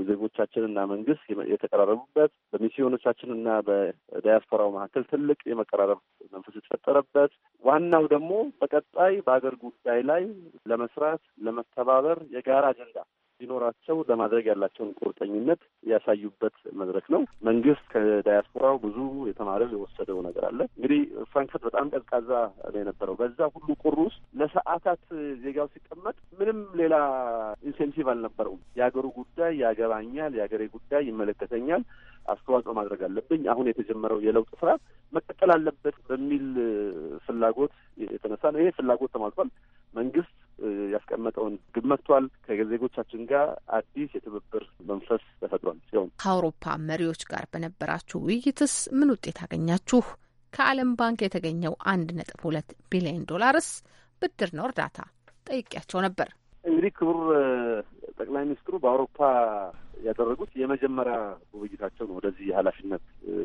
ዜጎቻችንና መንግስት የተቀራረቡበት በሚስዮኖቻችንና በዳያስፖራው መካከል ትልቅ የመቀራረብ መንፈስ የተፈጠረበት ዋናው ደግሞ በቀጣይ በአገር ጉዳይ ላይ ለመስራት ለመተባበር የጋራ አጀንዳ እንዲኖራቸው ለማድረግ ያላቸውን ቁርጠኝነት ያሳዩበት መድረክ ነው። መንግስት ከዳያስፖራው ብዙ የተማረው የወሰደው ነገር አለ። እንግዲህ ፍራንክፈርት በጣም ቀዝቃዛ ነው የነበረው። በዛ ሁሉ ቁር ውስጥ ለሰዓታት ዜጋው ሲቀመጥ ምንም ሌላ ኢንሴንቲቭ አልነበረውም። የሀገሩ ጉዳይ ያገባኛል፣ የሀገሬ ጉዳይ ይመለከተኛል፣ አስተዋጽኦ ማድረግ አለብኝ፣ አሁን የተጀመረው የለውጥ ስራ መቀጠል አለበት በሚል ፍላጎት የተነሳ ነው። ይሄ ፍላጎት ተሟልቷል። መንግስት ያስቀመጠውን ግብ መጥቷል። ከዜጎቻችን ጋር አዲስ የትብብር መንፈስ ተፈጥሯል። ሲሆን ከአውሮፓ መሪዎች ጋር በነበራችሁ ውይይትስ ምን ውጤት አገኛችሁ? ከዓለም ባንክ የተገኘው አንድ ነጥብ ሁለት ቢሊዮን ዶላርስ ብድር ነው እርዳታ ጠይቂያቸው ነበር። እንግዲህ ክቡር ጠቅላይ ሚኒስትሩ በአውሮፓ ያደረጉት የመጀመሪያ ውይይታቸው ነው ወደዚህ ኃላፊነት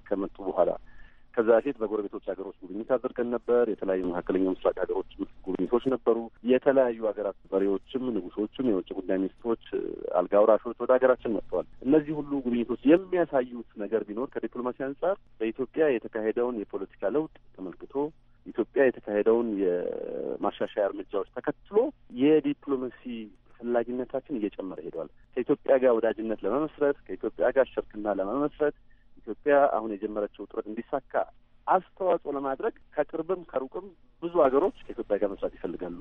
ከመጡ በኋላ ከዛ በፊት በጎረቤቶች ሀገሮች ጉብኝት አድርገን ነበር። የተለያዩ መካከለኛው ምስራቅ ሀገሮች ጉብኝቶች ነበሩ። የተለያዩ ሀገራት መሪዎችም፣ ንጉሶችም፣ የውጭ ጉዳይ ሚኒስትሮች፣ አልጋ ወራሾች ወደ ሀገራችን መጥተዋል። እነዚህ ሁሉ ጉብኝቶች የሚያሳዩት ነገር ቢኖር ከዲፕሎማሲ አንጻር በኢትዮጵያ የተካሄደውን የፖለቲካ ለውጥ ተመልክቶ ኢትዮጵያ የተካሄደውን የማሻሻያ እርምጃዎች ተከትሎ የዲፕሎማሲ ፈላጊነታችን እየጨመረ ሄደዋል። ከኢትዮጵያ ጋር ወዳጅነት ለመመስረት ከኢትዮጵያ ጋር ሽርክና ለመመስረት ኢትዮጵያ አሁን የጀመረችው ጥረት እንዲሳካ አስተዋጽኦ ለማድረግ ከቅርብም ከሩቅም ብዙ ሀገሮች ከኢትዮጵያ ጋር መስራት ይፈልጋሉ።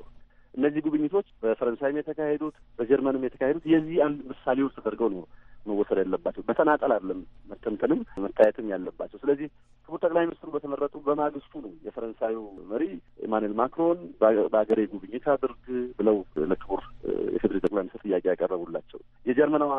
እነዚህ ጉብኝቶች በፈረንሳይም የተካሄዱት በጀርመንም የተካሄዱት የዚህ አንድ ምሳሌዎች ተደርገው ነው መወሰድ ያለባቸው። በተናጠል አይደለም መተንተንም መታየትም ያለባቸው። ስለዚህ ክቡር ጠቅላይ ሚኒስትሩ በተመረጡ በማግስቱ ነው የፈረንሳዩ መሪ ኢማኑኤል ማክሮን በሀገሬ ጉብኝት አድርግ ብለው ለክቡር የፌዴሬ ጠቅላይ ሚኒስትር ጥያቄ ያቀረቡላቸው። የጀርመናዋ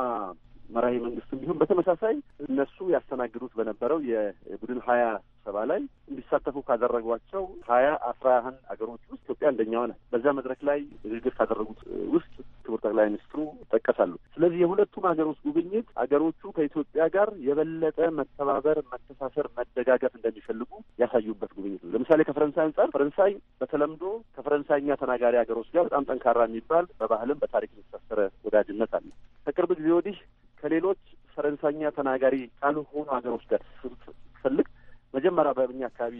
መራሄ መንግስት ቢሆን በተመሳሳይ እነሱ ያስተናግዱት በነበረው የቡድን ሀያ ሰባ ላይ እንዲሳተፉ ካደረጓቸው ሀያ አስራ አንድ ሀገሮች ውስጥ ኢትዮጵያ አንደኛዋ ናት። በዛ መድረክ ላይ ንግግር ካደረጉት ውስጥ ክቡር ጠቅላይ ሚኒስትሩ ይጠቀሳሉ። ስለዚህ የሁለቱም ሀገሮች ጉብኝት ሀገሮቹ ከኢትዮጵያ ጋር የበለጠ መተባበር፣ መተሳሰር፣ መደጋገፍ እንደሚፈልጉ ያሳዩበት ጉብኝት ነው። ለምሳሌ ከፈረንሳይ አንጻር ፈረንሳይ በተለምዶ ከፈረንሳይኛ ተናጋሪ ሀገሮች ጋር በጣም ጠንካራ የሚባል በባህልም በታሪክ የተሳሰረ ወዳጅነት አለ። ከቅርብ ጊዜ ወዲህ ከሌሎች ፈረንሳይኛ ተናጋሪ ካልሆኑ ሀገሮች ጋር ስትፈልግ መጀመሪያ በእኛ አካባቢ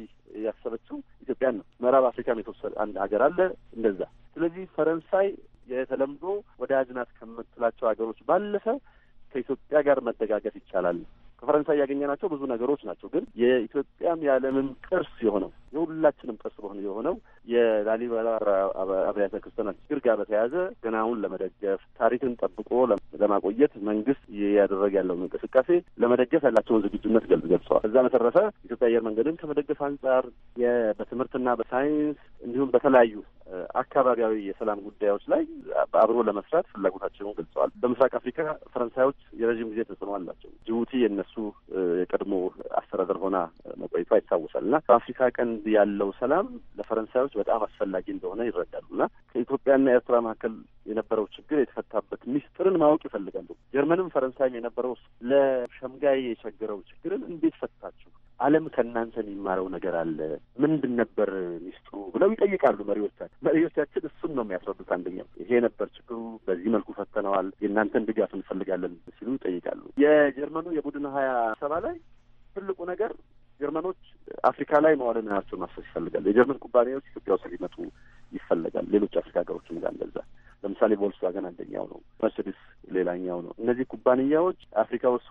ያሰበችው ኢትዮጵያን ነው። ምዕራብ አፍሪካም የተወሰደ አንድ ሀገር አለ እንደዛ። ስለዚህ ፈረንሳይ የተለምዶ ወዳጅ ናት ከምትላቸው ሀገሮች ባለፈ ከኢትዮጵያ ጋር መደጋገፍ ይቻላል። ከፈረንሳይ ያገኘናቸው ብዙ ነገሮች ናቸው። ግን የኢትዮጵያም የዓለምም ቅርስ የሆነው የሁላችንም ቅርስ በሆነ የሆነው የላሊበላ አብያተ ክርስቲያናት ችግር ጋር በተያያዘ ገናውን ለመደገፍ ታሪክን ጠብቆ ለማቆየት መንግስት እያደረገ ያለውን እንቅስቃሴ ለመደገፍ ያላቸውን ዝግጁነት ገልጸዋል። ከዛ በተረፈ ኢትዮጵያ አየር መንገድን ከመደገፍ አንጻር በትምህርትና በሳይንስ እንዲሁም በተለያዩ አካባቢያዊ የሰላም ጉዳዮች ላይ አብሮ ለመስራት ፍላጎታቸውን ገልጸዋል። በምስራቅ አፍሪካ ፈረንሳዮች የረዥም ጊዜ ተጽዕኖ አላቸው። ጅቡቲ የነሱ የቀድሞ አስተዳደር ሆና መቆየቷ ይታወሳል እና በአፍሪካ ቀንድ ያለው ሰላም ለፈረንሳዮች በጣም አስፈላጊ እንደሆነ ይረዳሉ እና ከኢትዮጵያና ኤርትራ መካከል የነበረው ችግር የተፈታበት ሚስጥርን ማወቅ ይፈልጋሉ። ጀርመንም ፈረንሳይም የነበረው ለሸምጋይ የቸገረው ችግርን እንዴት ፈታችሁ? ዓለም ከእናንተ የሚማረው ነገር አለ። ምንድን ነበር ሚስጥሩ ብለው ይጠይቃሉ መሪዎቻችን። መሪዎቻችን እሱን ነው የሚያስረዱት። አንደኛው ይሄ ነበር ችግሩ ተበታትነዋል፣ የእናንተን ድጋፍ እንፈልጋለን ሲሉ ይጠይቃሉ። የጀርመኑ የቡድን ሀያ ሰባ ላይ ትልቁ ነገር ጀርመኖች አፍሪካ ላይ መዋለ ንዋያቸውን ማፍሰስ ይፈልጋል። የጀርመን ኩባንያዎች ኢትዮጵያ ውስጥ ሊመጡ ይፈለጋል። ሌሎች አፍሪካ ሀገሮችም ጋር እንደዛ። ለምሳሌ ቮልስዋገን አንደኛው ነው፣ መርሴዲስ ሌላኛው ነው። እነዚህ ኩባንያዎች አፍሪካ ውስጥ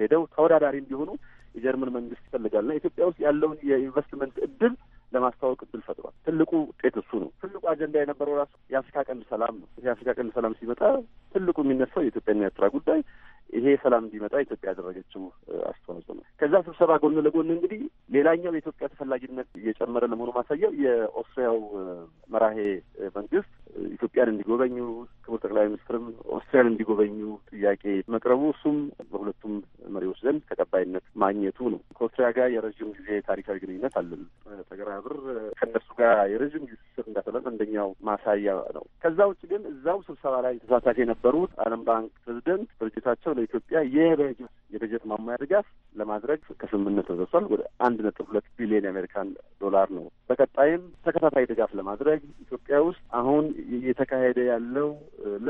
ሄደው ተወዳዳሪ እንዲሆኑ የጀርመን መንግስት ይፈልጋል እና ኢትዮጵያ ውስጥ ያለውን የኢንቨስትመንት እድል ለማስተዋወቅ እድል ፈጥሯል። ትልቁ ውጤት እሱ ነው። ትልቁ አጀንዳ የነበረው ራሱ የአፍሪካ ቀንድ ሰላም ነው። የአፍሪካ ቀንድ ሰላም ሲመጣ ትልቁ የሚነሳው የኢትዮጵያና የኤርትራ ጉዳይ ይሄ ሰላም እንዲመጣ ኢትዮጵያ ያደረገችው አስተዋጽኦ ነው። ከዛ ስብሰባ ጎን ለጎን እንግዲህ ሌላኛው የኢትዮጵያ ተፈላጊነት እየጨመረ ለመሆኑ ማሳያው የኦስትሪያው መራሄ መንግስት ኢትዮጵያን እንዲጎበኙ ክቡር ጠቅላይ ሚኒስትርም ኦስትሪያን እንዲጎበኙ ጥያቄ መቅረቡ እሱም በሁለቱም መሪዎች ዘንድ ተቀባይነት ማግኘቱ ነው። ከኦስትሪያ ጋር የረዥም ጊዜ ታሪካዊ ግንኙነት አለን። ተገራብር ከእነሱ ጋር የረዥም ጊዜ እንዳሰለን አንደኛው ማሳያ ነው። ከዛ ውጭ ግን እዛው ስብሰባ ላይ ተሳታፊ የነበሩት ዓለም ባንክ ፕሬዚደንት ድርጅታቸው ለኢትዮጵያ የበጀት የበጀት ማሟያ ድጋፍ ለማድረግ ከስምምነት ተደርሷል። ወደ አንድ ነጥብ ሁለት ቢሊዮን የአሜሪካን ዶላር ነው። በቀጣይም ተከታታይ ድጋፍ ለማድረግ ኢትዮጵያ ውስጥ አሁን እየተካሄደ ያለው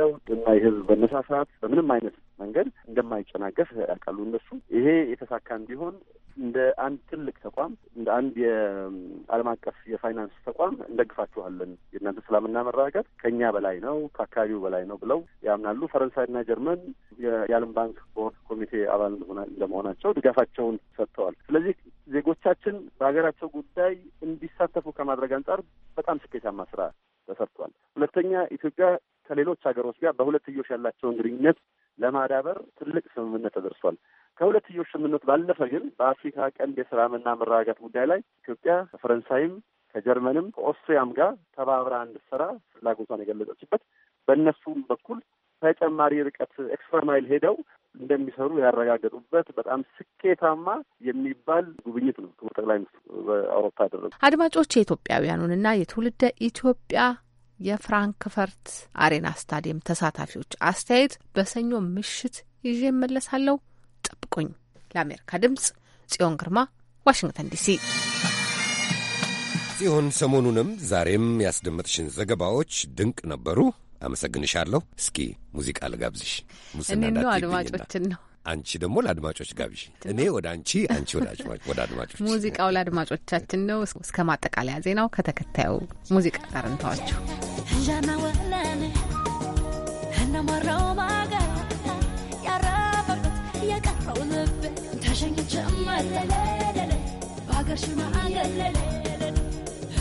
ለውጥ እና የህዝብ መነሳሳት በምንም አይነት መንገድ እንደማይጨናገፍ ያውቃሉ እነሱ። ይሄ የተሳካ እንዲሆን እንደ አንድ ትልቅ ተቋም እንደ አንድ የዓለም አቀፍ የፋይናንስ አቋም እንደግፋችኋለን፣ የእናንተ ሰላምና መረጋጋት ከእኛ በላይ ነው፣ ከአካባቢው በላይ ነው ብለው ያምናሉ። ፈረንሳይና ጀርመን የዓለም ባንክ ቦርድ ኮሚቴ አባል እንደመሆናቸው ድጋፋቸውን ሰጥተዋል። ስለዚህ ዜጎቻችን በሀገራቸው ጉዳይ እንዲሳተፉ ከማድረግ አንጻር በጣም ስኬታማ ስራ ተሰርቷል። ሁለተኛ ኢትዮጵያ ከሌሎች ሀገሮች ጋር በሁለትዮሽ ያላቸውን ግንኙነት ለማዳበር ትልቅ ስምምነት ተደርሷል። ከሁለትዮሽ ስምምነት ባለፈ ግን በአፍሪካ ቀንድ የሰላምና መረጋጋት ጉዳይ ላይ ኢትዮጵያ ከፈረንሳይም ከጀርመንም ከኦስትሪያም ጋር ተባብራ እንድትሰራ ፍላጎቷን የገለጸችበት በእነሱም በኩል ተጨማሪ ርቀት ኤክስትራ ማይል ሄደው እንደሚሰሩ ያረጋገጡበት በጣም ስኬታማ የሚባል ጉብኝት ነው ክቡር ጠቅላይ ሚኒስትሩ በአውሮፓ ያደረጉ። አድማጮች የኢትዮጵያውያኑንና የትውልደ ኢትዮጵያ የፍራንክፈርት አሬና ስታዲየም ተሳታፊዎች አስተያየት በሰኞ ምሽት ይዤ እመለሳለሁ። ጠብቆኝ። ለአሜሪካ ድምጽ ጽዮን ግርማ ዋሽንግተን ዲሲ ጽዮን፣ ሰሞኑንም ዛሬም ያስደመጥሽን ዘገባዎች ድንቅ ነበሩ። አመሰግንሻለሁ። እስኪ ሙዚቃ ልጋብዝሽ። ሙስና አድማጮችን ነው አንቺ ደግሞ ለአድማጮች ጋብዥ። እኔ ወደ አንቺ፣ አንቺ ወደ አድማጮች። ሙዚቃው ለአድማጮቻችን ነው። እስከ ማጠቃለያ ዜናው ከተከታዩ ሙዚቃ ጋር እንተዋቸው። ያቀረው ልብ ተሸኝቼ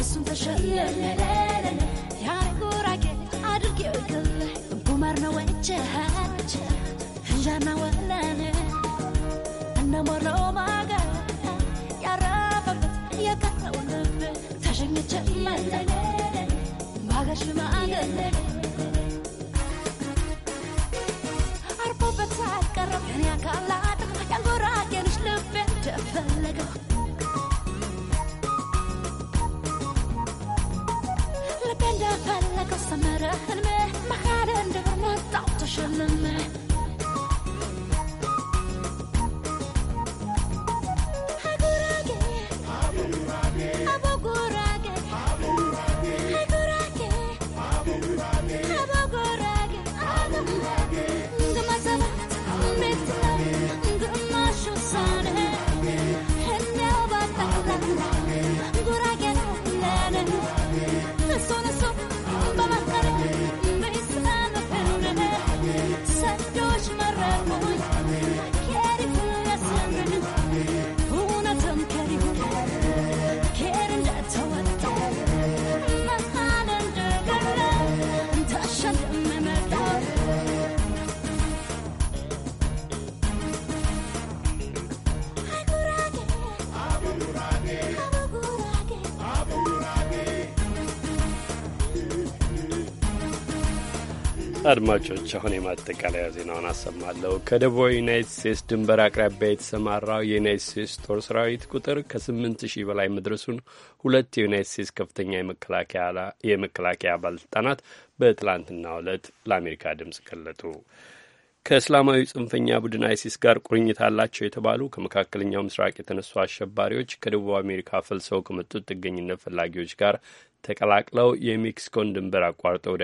እሱን ተሸለመ ያጉራጌ አድርጌው ይክለ ጉማር ነው ወቸሃች ነገ ሰመረ ህልሜ መካደ እንደመጣው ተሸልሜ አድማጮች አሁን የማጠቃለያ ዜናውን አሰማለሁ። ከደቡብ ዩናይት ስቴትስ ድንበር አቅራቢያ የተሰማራው የዩናይት ስቴትስ ጦር ሰራዊት ቁጥር ከስምንት ሺህ በላይ መድረሱን ሁለት የዩናይት ስቴትስ ከፍተኛ የመከላከያ ባለስልጣናት በትላንትና ዕለት ለአሜሪካ ድምፅ ገለጡ። ከእስላማዊ ጽንፈኛ ቡድን አይሲስ ጋር ቁርኝት አላቸው የተባሉ ከመካከለኛው ምስራቅ የተነሱ አሸባሪዎች ከደቡብ አሜሪካ ፈልሰው ከመጡት ጥገኝነት ፈላጊዎች ጋር ተቀላቅለው የሜክሲኮን ድንበር አቋርጠው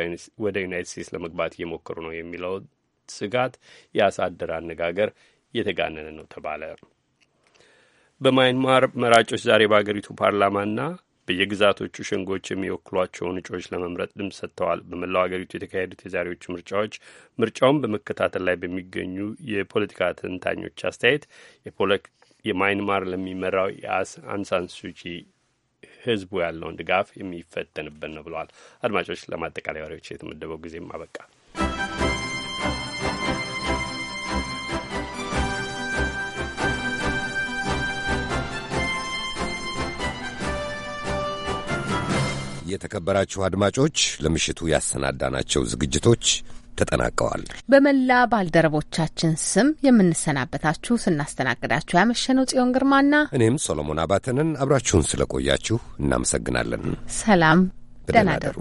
ወደ ዩናይት ስቴትስ ለመግባት እየሞከሩ ነው የሚለው ስጋት ያሳደረ አነጋገር እየተጋነነ ነው ተባለ። በማይንማር መራጮች ዛሬ በአገሪቱ ፓርላማና በየግዛቶቹ ሸንጎች የሚወክሏቸውን እጩዎች ለመምረጥ ድምፅ ሰጥተዋል። በመላው አገሪቱ የተካሄዱት የዛሬዎቹ ምርጫዎች ምርጫውን በመከታተል ላይ በሚገኙ የፖለቲካ ተንታኞች አስተያየት የማይንማር ለሚመራው የአንሳን ሱቺ ህዝቡ ያለውን ድጋፍ የሚፈተንበት ነው ብለዋል። አድማጮች፣ ለማጠቃለያ ወሬዎች የተመደበው ጊዜም አበቃ። የተከበራችሁ አድማጮች፣ ለምሽቱ ያሰናዳናቸው ዝግጅቶች ተጠናቀዋል። በመላ ባልደረቦቻችን ስም የምንሰናበታችሁ ስናስተናግዳችሁ ያመሸነው ጽዮን ግርማና እኔም ሶሎሞን አባተንን አብራችሁን ስለቆያችሁ እናመሰግናለን። ሰላም፣ ደህና ደሩ።